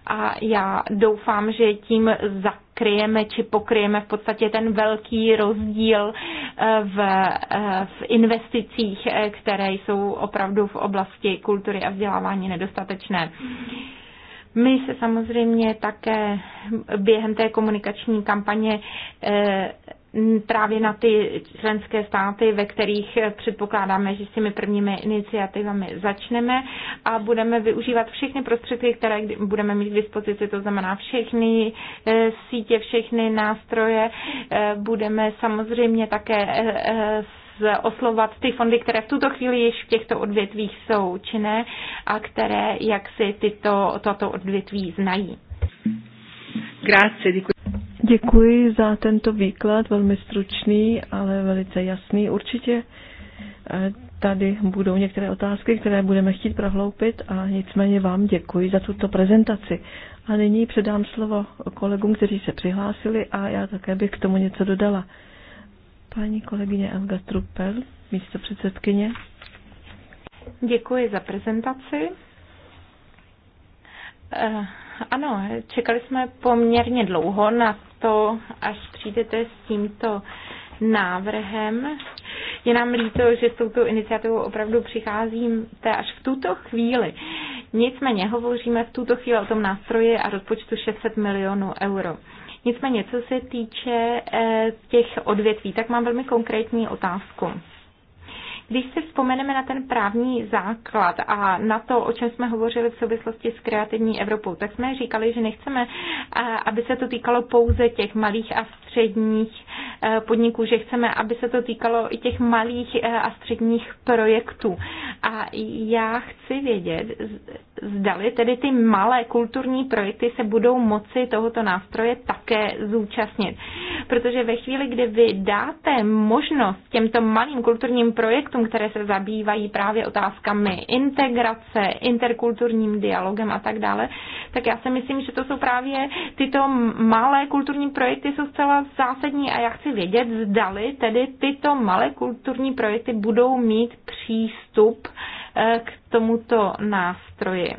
A já doufám, že tím za kryjeme či pokryjeme v podstatě ten velký rozdíl eh, v, eh, v investicích, které jsou opravdu v oblasti kultury a vzdělávání nedostatečné. Mm. My se samozřejmě také během té komunikační kampaně eh, právě na ty členské státy, ve kterých předpokládáme, že s těmi prvními iniciativami začneme a budeme využívat všechny prostředky, které budeme mít k dispozici, to znamená všechny eh, sítě, všechny nástroje. Eh, budeme samozřejmě také oslovovat ty fondy, které v tuto chvíli již v těchto odvětvích jsou činné a které jak si tyto, toto odvětví znají. Grazie, děkuji. Děkuji za tento výklad, velmi stručný, ale velice jasný. Určitě eh, tady budou některé otázky, které budeme chtít prohloupit a nicméně vám děkuji za tuto prezentaci. A nyní předám slovo kolegům, kteří se přihlásili a já také bych k tomu něco dodala. Paní kolegyně Elga Trupel, místo předsedkyně. Děkuji za prezentaci. Eh, ano, čekali jsme poměrně dlouho na to, až přijdete s tímto návrhem. Je nám líto, že s touto iniciativou opravdu přicházíte až v tuto chvíli. Nicméně hovoříme v tuto chvíli o tom nástroji a rozpočtu 600 milionů euro. Nicméně, co se týče eh, těch odvětví, tak mám velmi konkrétní otázku. Když si vzpomeneme na ten právní základ a na to, o čem jsme hovořili v souvislosti s kreativní Evropou, tak jsme říkali, že nechceme, eh, aby se to týkalo pouze těch malých a středních Eh, podniků, že chceme, aby se to týkalo i těch malých eh, a středních projektů. A já chci vědět, zdali tedy ty malé kulturní projekty se budou moci tohoto nástroje také zúčastnit. Protože ve chvíli, kdy vy dáte možnost těmto malým kulturním projektům, které se zabývají právě otázkami integrace, interkulturním dialogem a tak dále, tak já si myslím, že to jsou právě tyto malé kulturní projekty jsou zcela zásadní a já chci vědět, zdali tedy tyto malé kulturní projekty budou mít přístup eh, k tomuto nástroji.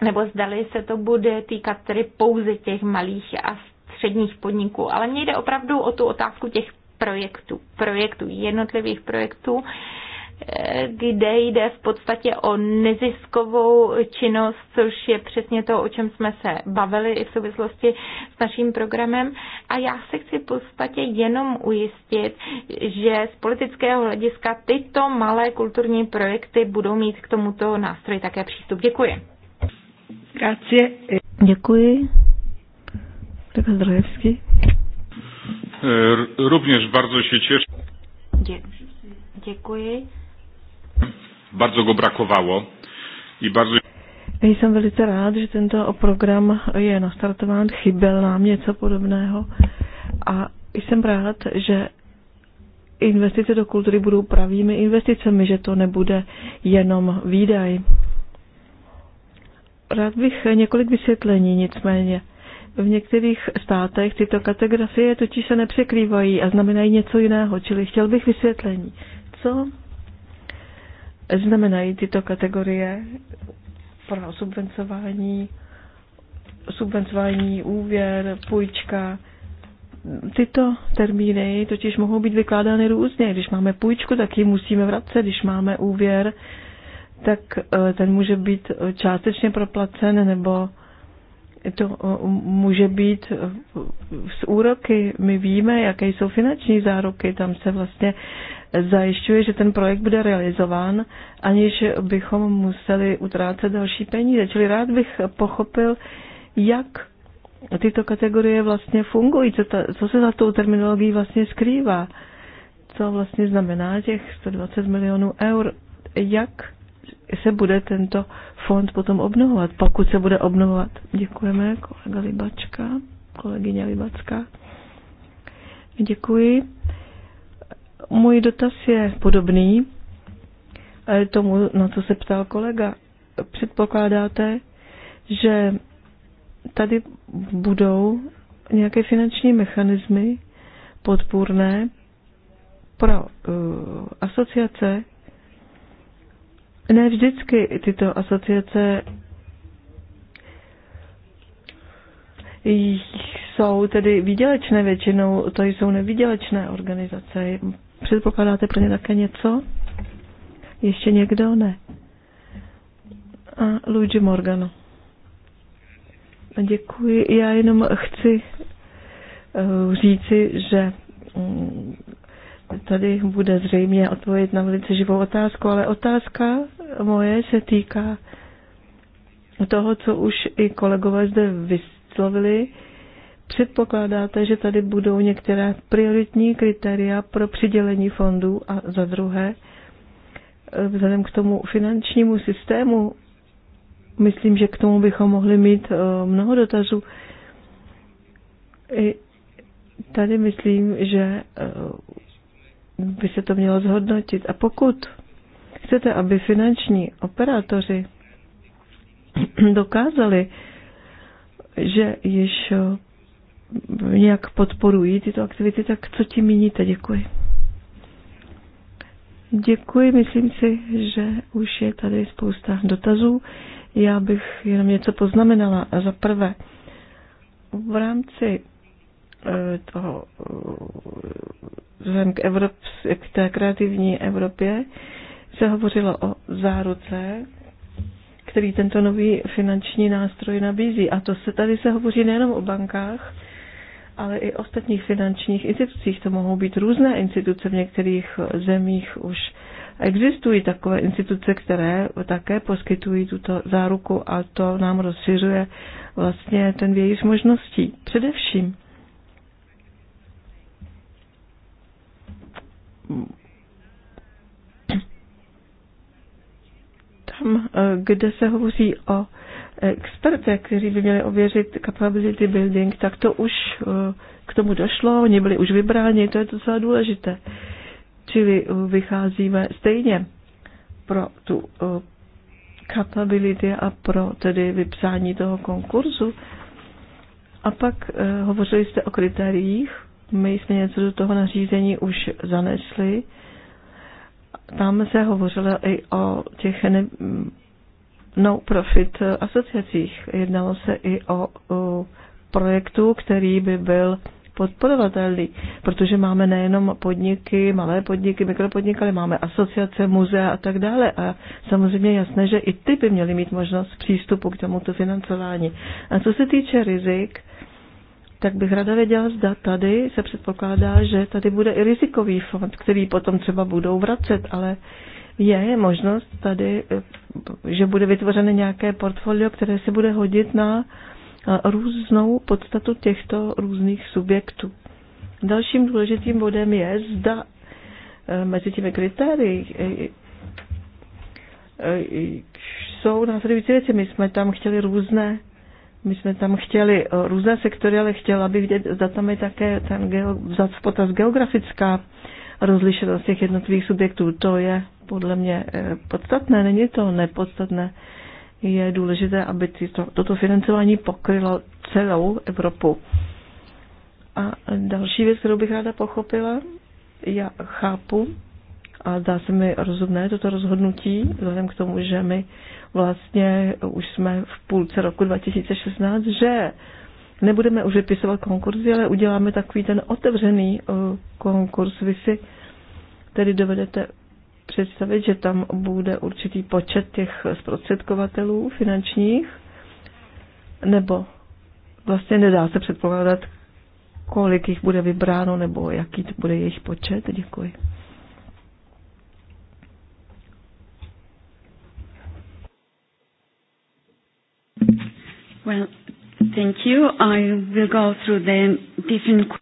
Nebo zdali se to bude týkat tedy pouze těch malých a středních podniků. Ale mně jde opravdu o tu otázku těch projektů, projektů, jednotlivých projektů, kde jde v podstatě o neziskovou činnost, což je přesně to, o čem jsme se bavili i v souvislosti s naším programem. A já se chci v podstatě jenom ujistit, že z politického hlediska tyto malé kulturní projekty budou mít k tomuto nástroji také přístup. Děkuji. Grazie. Děkuji. Rebeka Zdrojevský. Eh, Rovněž bardzo się cieszę. Děkuji. Bardzo go brakowało i bardzo... Jsem velice rád, že tento program je nastartován, chyběl nám něco podobného a jsem rád, že investice do kultury budou pravými investicemi, že to nebude jenom výdaj. Rád bych několik vysvětlení nicméně. V některých státech tyto kategorie totiž se nepřekrývají a znamenají něco jiného, čili chtěl bych vysvětlení. Co znamenají tyto kategorie pro subvencování, subvencování, úvěr, půjčka. Tyto termíny totiž mohou být vykládány různě. Když máme půjčku, tak ji musíme vracet. Když máme úvěr, tak eh, ten může být částečně proplacen nebo to eh, může být eh, z úroky. My víme, jaké jsou finanční záruky. Tam se vlastně zajišťuje, že ten projekt bude realizován, aniž bychom museli utrácet další peníze. Čili rád bych pochopil, jak tyto kategorie vlastně fungují, co, ta, co se za tou terminologií vlastně skrývá, co vlastně znamená těch 120 milionů eur, jak se bude tento fond potom obnovovat, pokud se bude obnovovat. Děkujeme, kolega Libačka, kolegyně Libacka. Děkuji. Můj dotaz je podobný tomu, na co se ptal kolega. Předpokládáte, že tady budou nějaké finanční mechanismy podpůrné pro uh, asociace, ne vždycky tyto asociace jsou tedy výdělečné, většinou to jsou nevýdělečné organizace. Předpokládáte pro ně také něco? Ještě někdo? Ne. A Luigi Morgano. Děkuji. Já jenom chci eh, říci, že mm, tady bude zřejmě odpověď na velice živou otázku, ale otázka moje se týká toho, co už i kolegové zde vyslovili. Předpokládáte, že tady budou některá prioritní kritéria pro přidělení fondů a za druhé, vzhledem k tomu finančnímu systému, myslím, že k tomu bychom mohli mít eh, mnoho dotazů. I tady myslím, že eh, by se to mělo zhodnotit. A pokud Chcete, aby finanční operátoři (clears throat) dokázali, že již eh, nějak podporují tyto aktivity, tak co tím míníte? Děkuji. Děkuji, myslím si, že už je tady spousta dotazů. Já bych jenom něco poznamenala. Za prvé, v rámci eh, toho eh, vzhledem k, Evrop, k té kreativní Evropě se hovořilo o záruce, který tento nový finanční nástroj nabízí. A to se tady se hovoří nejenom o bankách, ale i ostatních finančních institucích. To mohou být různé instituce, v některých zemích už existují takové instituce, které také poskytují tuto záruku a to nám rozšiřuje vlastně ten vějíř možností. Především tam, eh, kde se hovoří o expertech, kteří by měli ověřit capability building, tak to už eh, k tomu došlo, oni byli už vybráni, to je docela důležité. Čili eh, vycházíme stejně pro tu capability a pro tedy vypsání toho konkurzu. A pak hovořili jste o kritériích, my jsme něco do toho nařízení už zanesli tam se hovořilo i o těch no profit asociacích. Jednalo se i o, o projektu, který by byl podporovatelný, protože máme nejenom podniky, malé podniky, mikropodniky, ale máme asociace, muzea a tak dále. A samozřejmě jasné, že i ty by měly mít možnost přístupu k tomuto financování. A co se týče rizik, tak bych rada věděla, zda tady se předpokládá, že tady bude i rizikový fond, který potom třeba budou vracet, ale je možnost tady, eh, že bude vytvořeno nějaké portfolio, které se bude hodit na eh, různou podstatu těchto různých subjektů. Dalším důležitým bodem je, zda eh, mezi těmi kritérii jsou následující věci. My jsme tam chtěli různé my jsme tam chtěli eh, různé sektory, ale chtěla bych vidět, zda tam je také ten geo, vzat v potaz geografická rozlišenost těch jednotlivých subjektů. To je podle mě eh, podstatné, není to nepodstatné. Je důležité, aby tyto, toto financování pokrylo celou Evropu. A další věc, kterou bych ráda pochopila, já chápu a zdá se mi rozumné toto rozhodnutí, vzhledem k tomu, že my vlastně už jsme v půlce roku 2016, že nebudeme už vypisovat konkurzy, ale uděláme takový ten otevřený eh, konkurs. Vy si tedy dovedete představit, že tam bude určitý počet těch zprostředkovatelů finančních, nebo vlastně nedá se předpokládat, kolik jich bude vybráno, nebo jaký to bude jejich počet. Děkuji. Well, thank you. I will go through the different...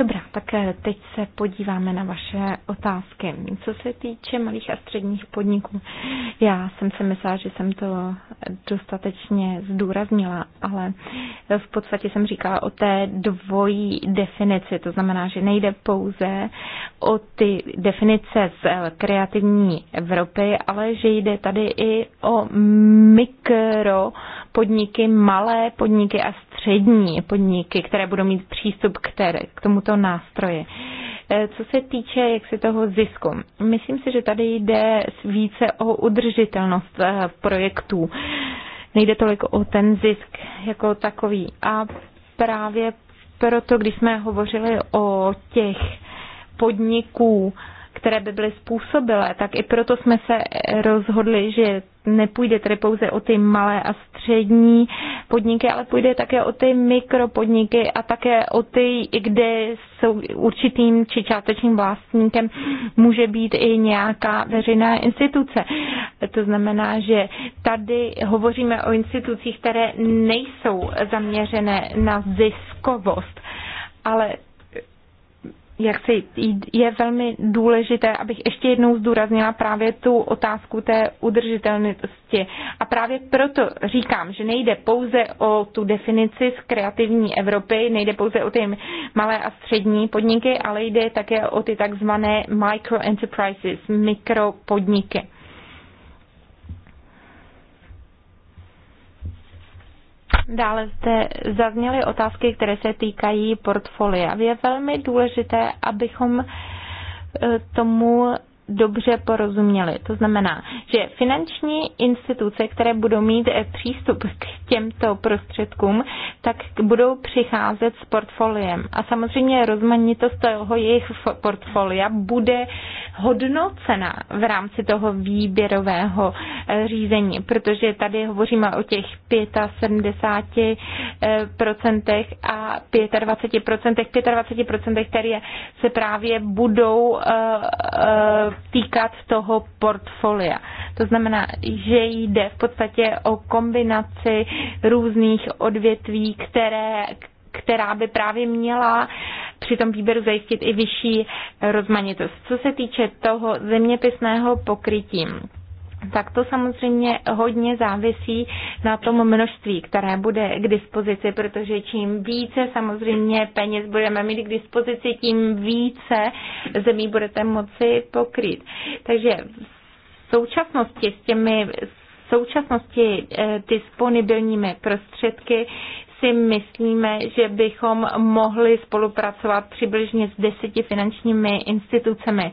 Dobrá, tak eh, teď se podíváme na vaše otázky. Co se týče malých a středních podniků, já jsem se myslela, že jsem to dostatečně zdůraznila, ale v podstatě jsem říkala o té dvojí definici. To znamená, že nejde pouze o ty definice z eh, kreativní Evropy, ale že jde tady i o mikro podniky, malé podniky a střední podniky, které budou mít přístup k, té, k tomuto tyto nástroje. E, co se týče jak se toho zisku, myslím si, že tady jde více o udržitelnost e, projektů. Nejde tolik o ten zisk jako takový. A právě proto, když jsme hovořili o těch podniků, které by byly způsobilé, tak i proto jsme se rozhodli, že nepůjde tedy pouze o ty malé a střední podniky, ale půjde také o ty mikropodniky a také o ty, kde jsou určitým či částečným vlastníkem může být i nějaká veřejná instituce. To znamená, že tady hovoříme o institucích, které nejsou zaměřené na ziskovost, ale jak si je velmi důležité, abych ještě jednou zdůraznila právě tu otázku té udržitelnosti. A právě proto říkám, že nejde pouze o tu definici z kreativní Evropy, nejde pouze o ty malé a střední podniky, ale jde také o ty takzvané microenterprises, mikropodniky. Dále zde zazněly otázky, které se týkají portfolia. Je velmi důležité, abychom eh, tomu dobře porozuměli. To znamená, že finanční instituce, které budou mít eh, přístup k těmto prostředkům, tak budou přicházet s portfoliem. A samozřejmě rozmanitost toho jejich portfolia bude hodnocena v rámci toho výběrového eh, řízení, protože tady hovoříme o těch 75% eh, a 25%, 25%, které se právě budou týkat toho portfolia. To znamená, že jde v podstatě o kombinaci různých odvětví, které, která by právě měla při tom výběru zajistit i vyšší rozmanitost. Co se týče toho zeměpisného pokrytí, tak to samozřejmě hodně závisí na tom množství, které bude k dispozici, protože čím více samozřejmě peněz budeme mít k dispozici, tím více zemí budete moci pokrýt. Takže v současnosti s těmi v současnosti eh, disponibilními prostředky si myslíme, že bychom mohli spolupracovat přibližně s deseti finančními institucemi.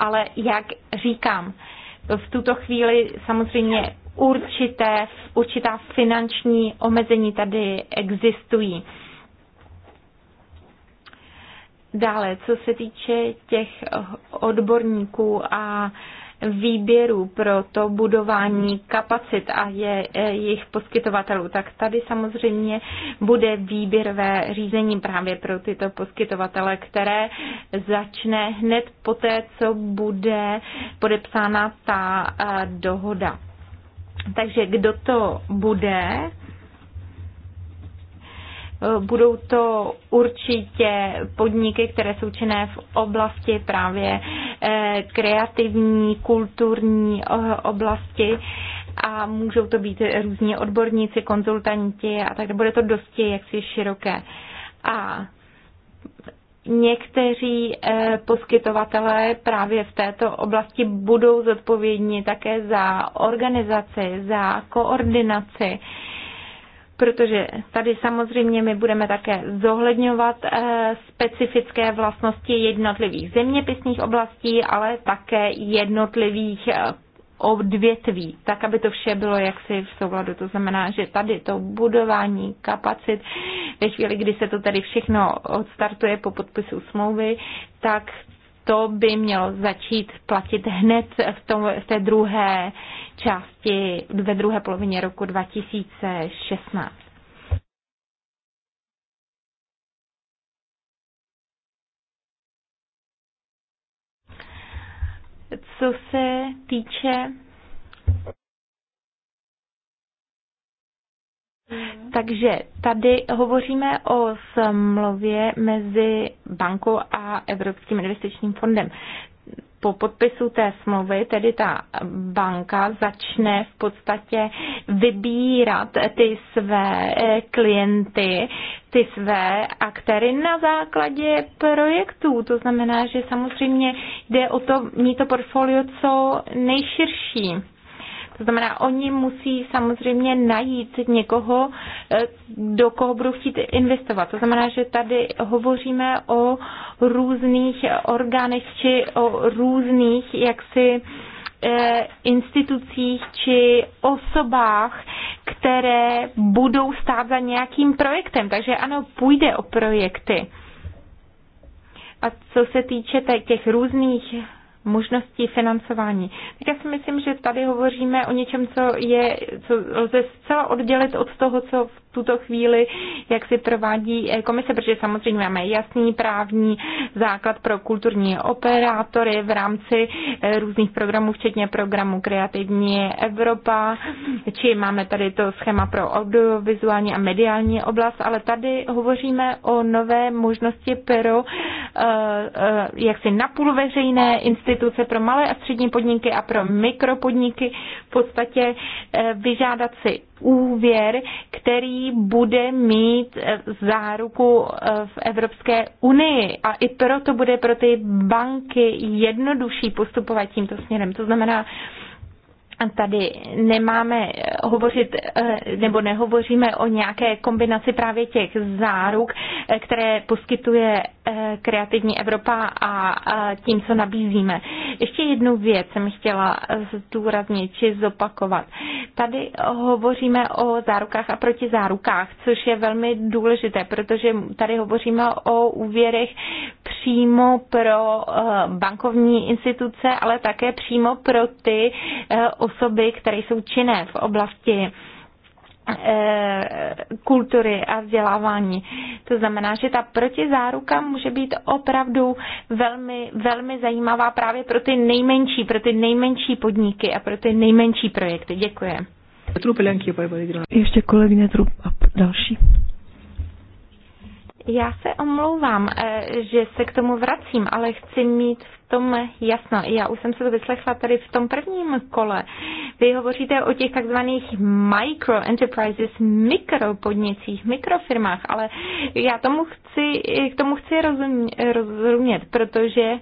Ale jak říkám, eh, v tuto chvíli samozřejmě určité, určitá finanční omezení tady existují. Dále, co se týče těch odborníků a výběru pro to budování kapacit a je, e, jejich poskytovatelů, tak tady samozřejmě bude výběrové řízení právě pro tyto poskytovatele, které začne hned poté, co bude podepsána ta e, dohoda. Takže kdo to bude? budou to určitě podniky, které jsou činné v oblasti právě eh, kreativní, kulturní eh, oblasti a můžou to být různí odborníci, konzultanti a tak bude to dosti jaksi široké. A někteří eh, poskytovatelé právě v této oblasti budou zodpovědní také za organizaci, za koordinaci protože tady samozřejmě my budeme také zohledňovat eh, specifické vlastnosti jednotlivých zeměpisných oblastí, ale také jednotlivých eh, odvětví, tak aby to vše bylo jaksi v souladu. To znamená, že tady to budování kapacit, ve chvíli, kdy se to tady všechno odstartuje po podpisu smlouvy, tak to by mělo začít platit hned v, tom, v té druhé části, ve druhé polovině roku 2016. Co se týče Mhm. Takže tady hovoříme o smlouvě mezi bankou a Evropským investičním fondem. Po podpisu té smlouvy tedy ta banka začne v podstatě vybírat ty své klienty, ty své aktéry na základě projektů. To znamená, že samozřejmě jde o to mít to portfolio co nejširší. To znamená, oni musí samozřejmě najít někoho, eh, do koho budou chtít investovat. To znamená, že tady hovoříme o různých orgánech či o různých jaksi eh, institucích či osobách, které budou stát za nějakým projektem. Takže ano, půjde o projekty. A co se týče těch různých možnosti financování. Tak já si myslím, že tady hovoříme o něčem, co, je, co lze zcela oddělit od toho, co v tuto chvíli, jak si provádí eh, komise, protože samozřejmě máme jasný právní základ pro kulturní operátory v rámci eh, různých programů, včetně programu Kreativní Evropa, či máme tady to schéma pro audiovizuální a mediální oblast, ale tady hovoříme o nové možnosti pro eh, jaksi napůl veřejné instituce pro malé a střední podniky a pro mikropodniky v podstatě vyžádat si úvěr, který bude mít eh, záruku eh, v Evropské unii. A i proto bude pro ty banky jednodušší postupovat tímto směrem. To znamená, tady nemáme eh, hovořit eh, nebo nehovoříme o nějaké kombinaci právě těch záruk, eh, které poskytuje kreativní Evropa a tím, co nabízíme. Ještě jednu věc jsem chtěla zdůraznit či zopakovat. Tady hovoříme o zárukách a protizárukách, což je velmi důležité, protože tady hovoříme o úvěrech přímo pro bankovní instituce, ale také přímo pro ty osoby, které jsou činné v oblasti eh, kultury a vzdělávání. To znamená, že ta protizáruka může být opravdu velmi, velmi zajímavá právě pro ty nejmenší, pro ty nejmenší podniky a pro ty nejmenší projekty. Děkuji. Ještě kolegyně Trup a další. Já se omlouvám, eh, že se k tomu vracím, ale chci mít v tom jasno. Já už jsem se to vyslechla tady v tom prvním kole. Vy hovoříte o těch takzvaných micro enterprises, mikropodnicích, mikrofirmách, ale já tomu chci, k tomu chci rozumět, protože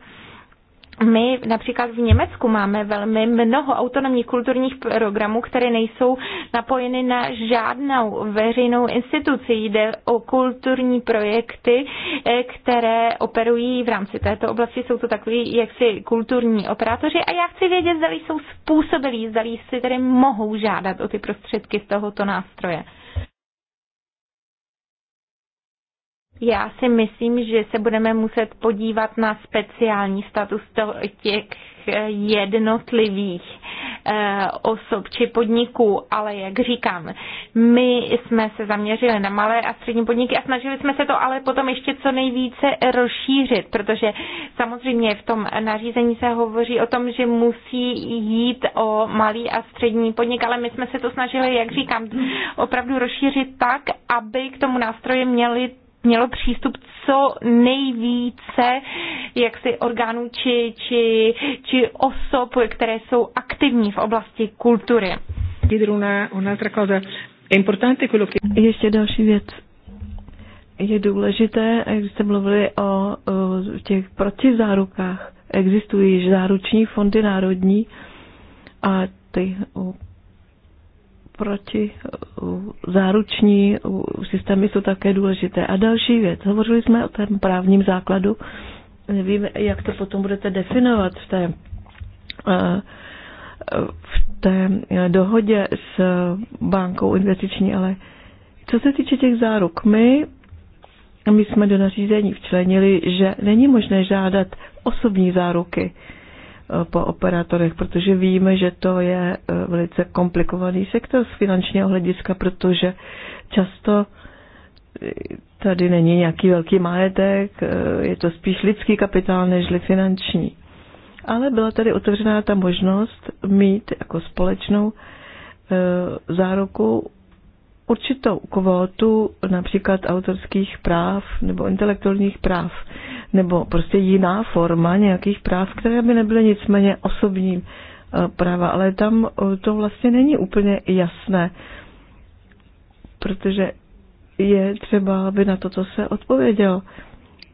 my například v Německu máme velmi mnoho autonomních kulturních programů, které nejsou napojeny na žádnou veřejnou instituci. Jde o kulturní projekty, eh, které operují v rámci této oblasti. Jsou to takový jaksi kulturní operátoři a já chci vědět, zda jsou způsobilí, zda si tedy mohou žádat o ty prostředky z tohoto nástroje. Já si myslím, že se budeme muset podívat na speciální status těch eh, jednotlivých eh, osob či podniků, ale jak říkám, my jsme se zaměřili na malé a střední podniky a snažili jsme se to ale potom ještě co nejvíce rozšířit, protože samozřejmě v tom nařízení se hovoří o tom, že musí jít o malý a střední podnik, ale my jsme se to snažili, jak říkám, opravdu rozšířit tak, aby k tomu nástroji měli mělo přístup co nejvíce jaksi orgánů či, či, či osob, které jsou aktivní v oblasti kultury. Ještě další věc. Je důležité, když jste mluvili o, o těch protizárukách, existují záruční fondy národní a ty proti eh, záruční eh, systémy jsou také důležité. A další věc, hovořili jsme o tom právním základu, nevím, jak to potom budete definovat v té, eh, v té dohodě s bankou investiční, ale co se týče těch záruk, my, my jsme do nařízení včlenili, že není možné žádat osobní záruky po operátorech, protože víme, že to je e, velice komplikovaný sektor z finančního hlediska, protože často e, tady není nějaký velký majetek, e, je to spíš lidský kapitál než finanční. Ale byla tady otevřená ta možnost mít jako společnou záruku určitou kvótu například autorských práv nebo intelektuálních práv nebo prostě jiná forma nějakých práv, které by nebyly nicméně osobní eh, práva, ale tam eh, to vlastně není úplně jasné, protože je třeba, aby na toto se odpověděl.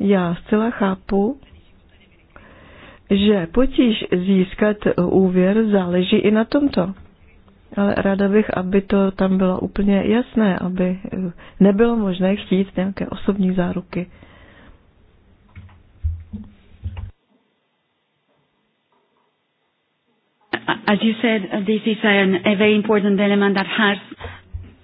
Já zcela chápu, že potíž získat eh, úvěr záleží i na tomto ale ráda bych, aby to tam bylo úplně jasné, aby nebylo možné chtít nějaké osobní záruky. As you said, this is a very important element that has...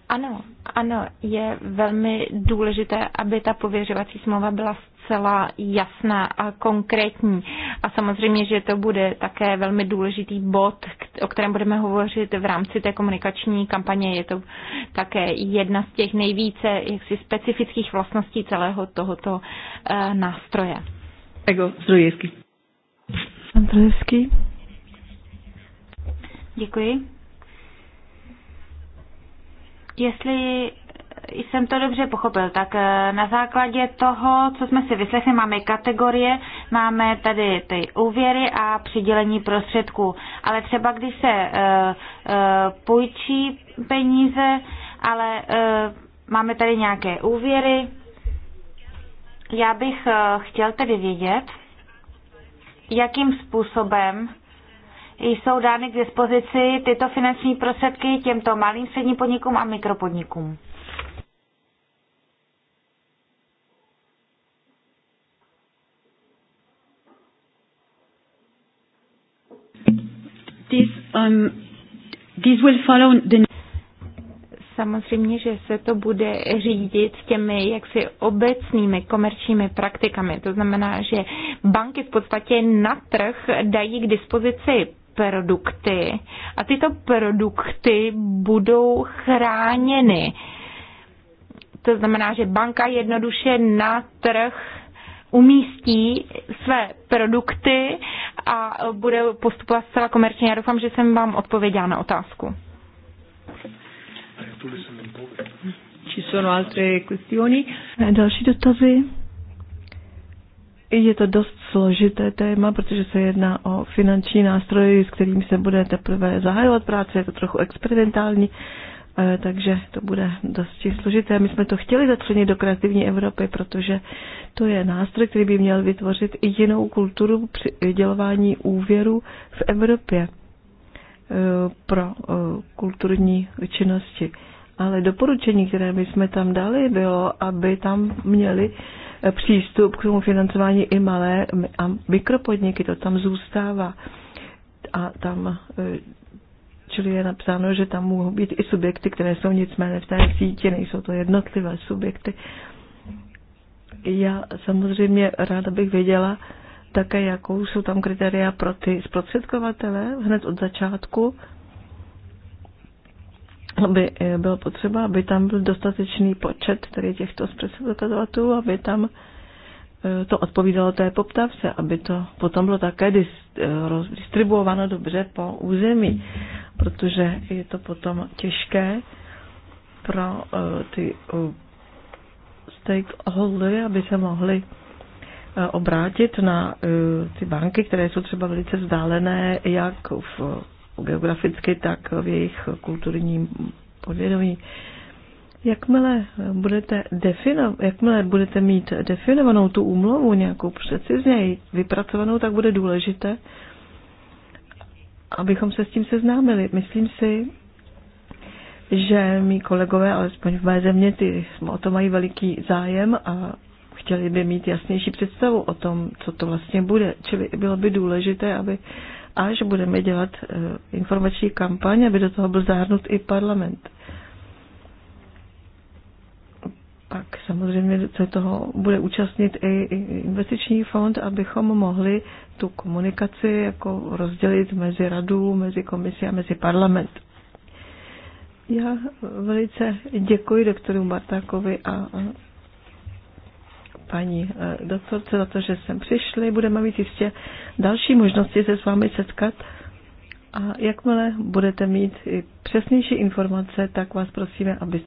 Ano, ano, je velmi důležité, aby ta pověřovací smlouva byla zcela jasná a konkrétní. A samozřejmě, že to bude také velmi důležitý bod, o kterém budeme hovořit v rámci té komunikační kampaně. Je to také jedna z těch nejvíce jaksi specifických vlastností celého tohoto uh, nástroje. Ego Zdrojevský. Zdrojevský. Děkuji. Jestli jsem to dobře pochopil, tak eh, na základě toho, co jsme si vyslechli, máme kategorie, máme tady ty úvěry a přidělení prostředků. Ale třeba když se eh, eh, půjčí peníze, ale máme tady nějaké úvěry, já bych chtěl tedy vědět, jakým způsobem jsou dány k dispozici tyto finanční prostředky těmto malým středním podnikům a mikropodnikům. This, um, this will follow the... Samozřejmě, že se to bude řídit těmi jaksi obecnými komerčními praktikami. To znamená, že banky v podstatě na trh dají k dispozici produkty a tyto produkty budou chráněny. To znamená, že banka jednoduše na trh umístí své produkty a bude postupovat zcela komerčně. Já doufám, že jsem vám odpověděla na otázku. Ci sono altre questioni? Další dotazy? Je to dost složité téma, protože se jedná o finanční nástroje, s kterými se bude teprve zahajovat práce, je to trochu experimentální, eh, takže to bude dosti složité. My jsme to chtěli začlenit do kreativní Evropy, protože to je nástroj, který by měl vytvořit i jinou kulturu dělování úvěru v Evropě eh, pro eh, kulturní činnosti ale doporučení, které my jsme tam dali, bylo, aby tam měli eh, přístup k tomu financování i malé a mikropodniky, to tam zůstává. A tam, eh, čili je napsáno, že tam mohou být i subjekty, které jsou nicméně v té síti, nejsou to jednotlivé subjekty. Já samozřejmě ráda bych věděla také, jakou jsou tam kritéria pro ty zprostředkovatele hned od začátku, aby eh, bylo potřeba, aby tam byl dostatečný počet tedy těchto zprostředkovatelů, aby tam eh, to odpovídalo té poptávce, aby to potom bylo také eh, distribuováno dobře po území, protože je to potom těžké pro ty stakeholdery, aby se mohli obrátit na ty banky, které jsou třeba velice vzdálené, jak v geograficky, tak v jejich kulturním podvědomí. Jakmile budete, defino, jakmile budete mít definovanou tu úmluvu nějakou přecizně vypracovanou, tak bude důležité, abychom se s tím seznámili. Myslím si, že mý kolegové, alespoň v mé země, ty o to mají veliký zájem a chtěli by mít jasnější představu o tom, co to vlastně bude. Čili bylo by důležité, aby až budeme dělat eh, informační kampaň, aby do toho byl zahrnut i parlament. Pak samozřejmě se toho bude účastnit i investiční fond, abychom mohli tu komunikaci jako rozdělit mezi radu, mezi komisi a mezi parlament. Já velice děkuji doktoru Bartákovi a paní eh, doktorce za to, že jsem přišli. Budeme mít jistě další možnosti se s vámi setkat. A jakmile budete mít přesnější informace, tak vás prosíme, abyste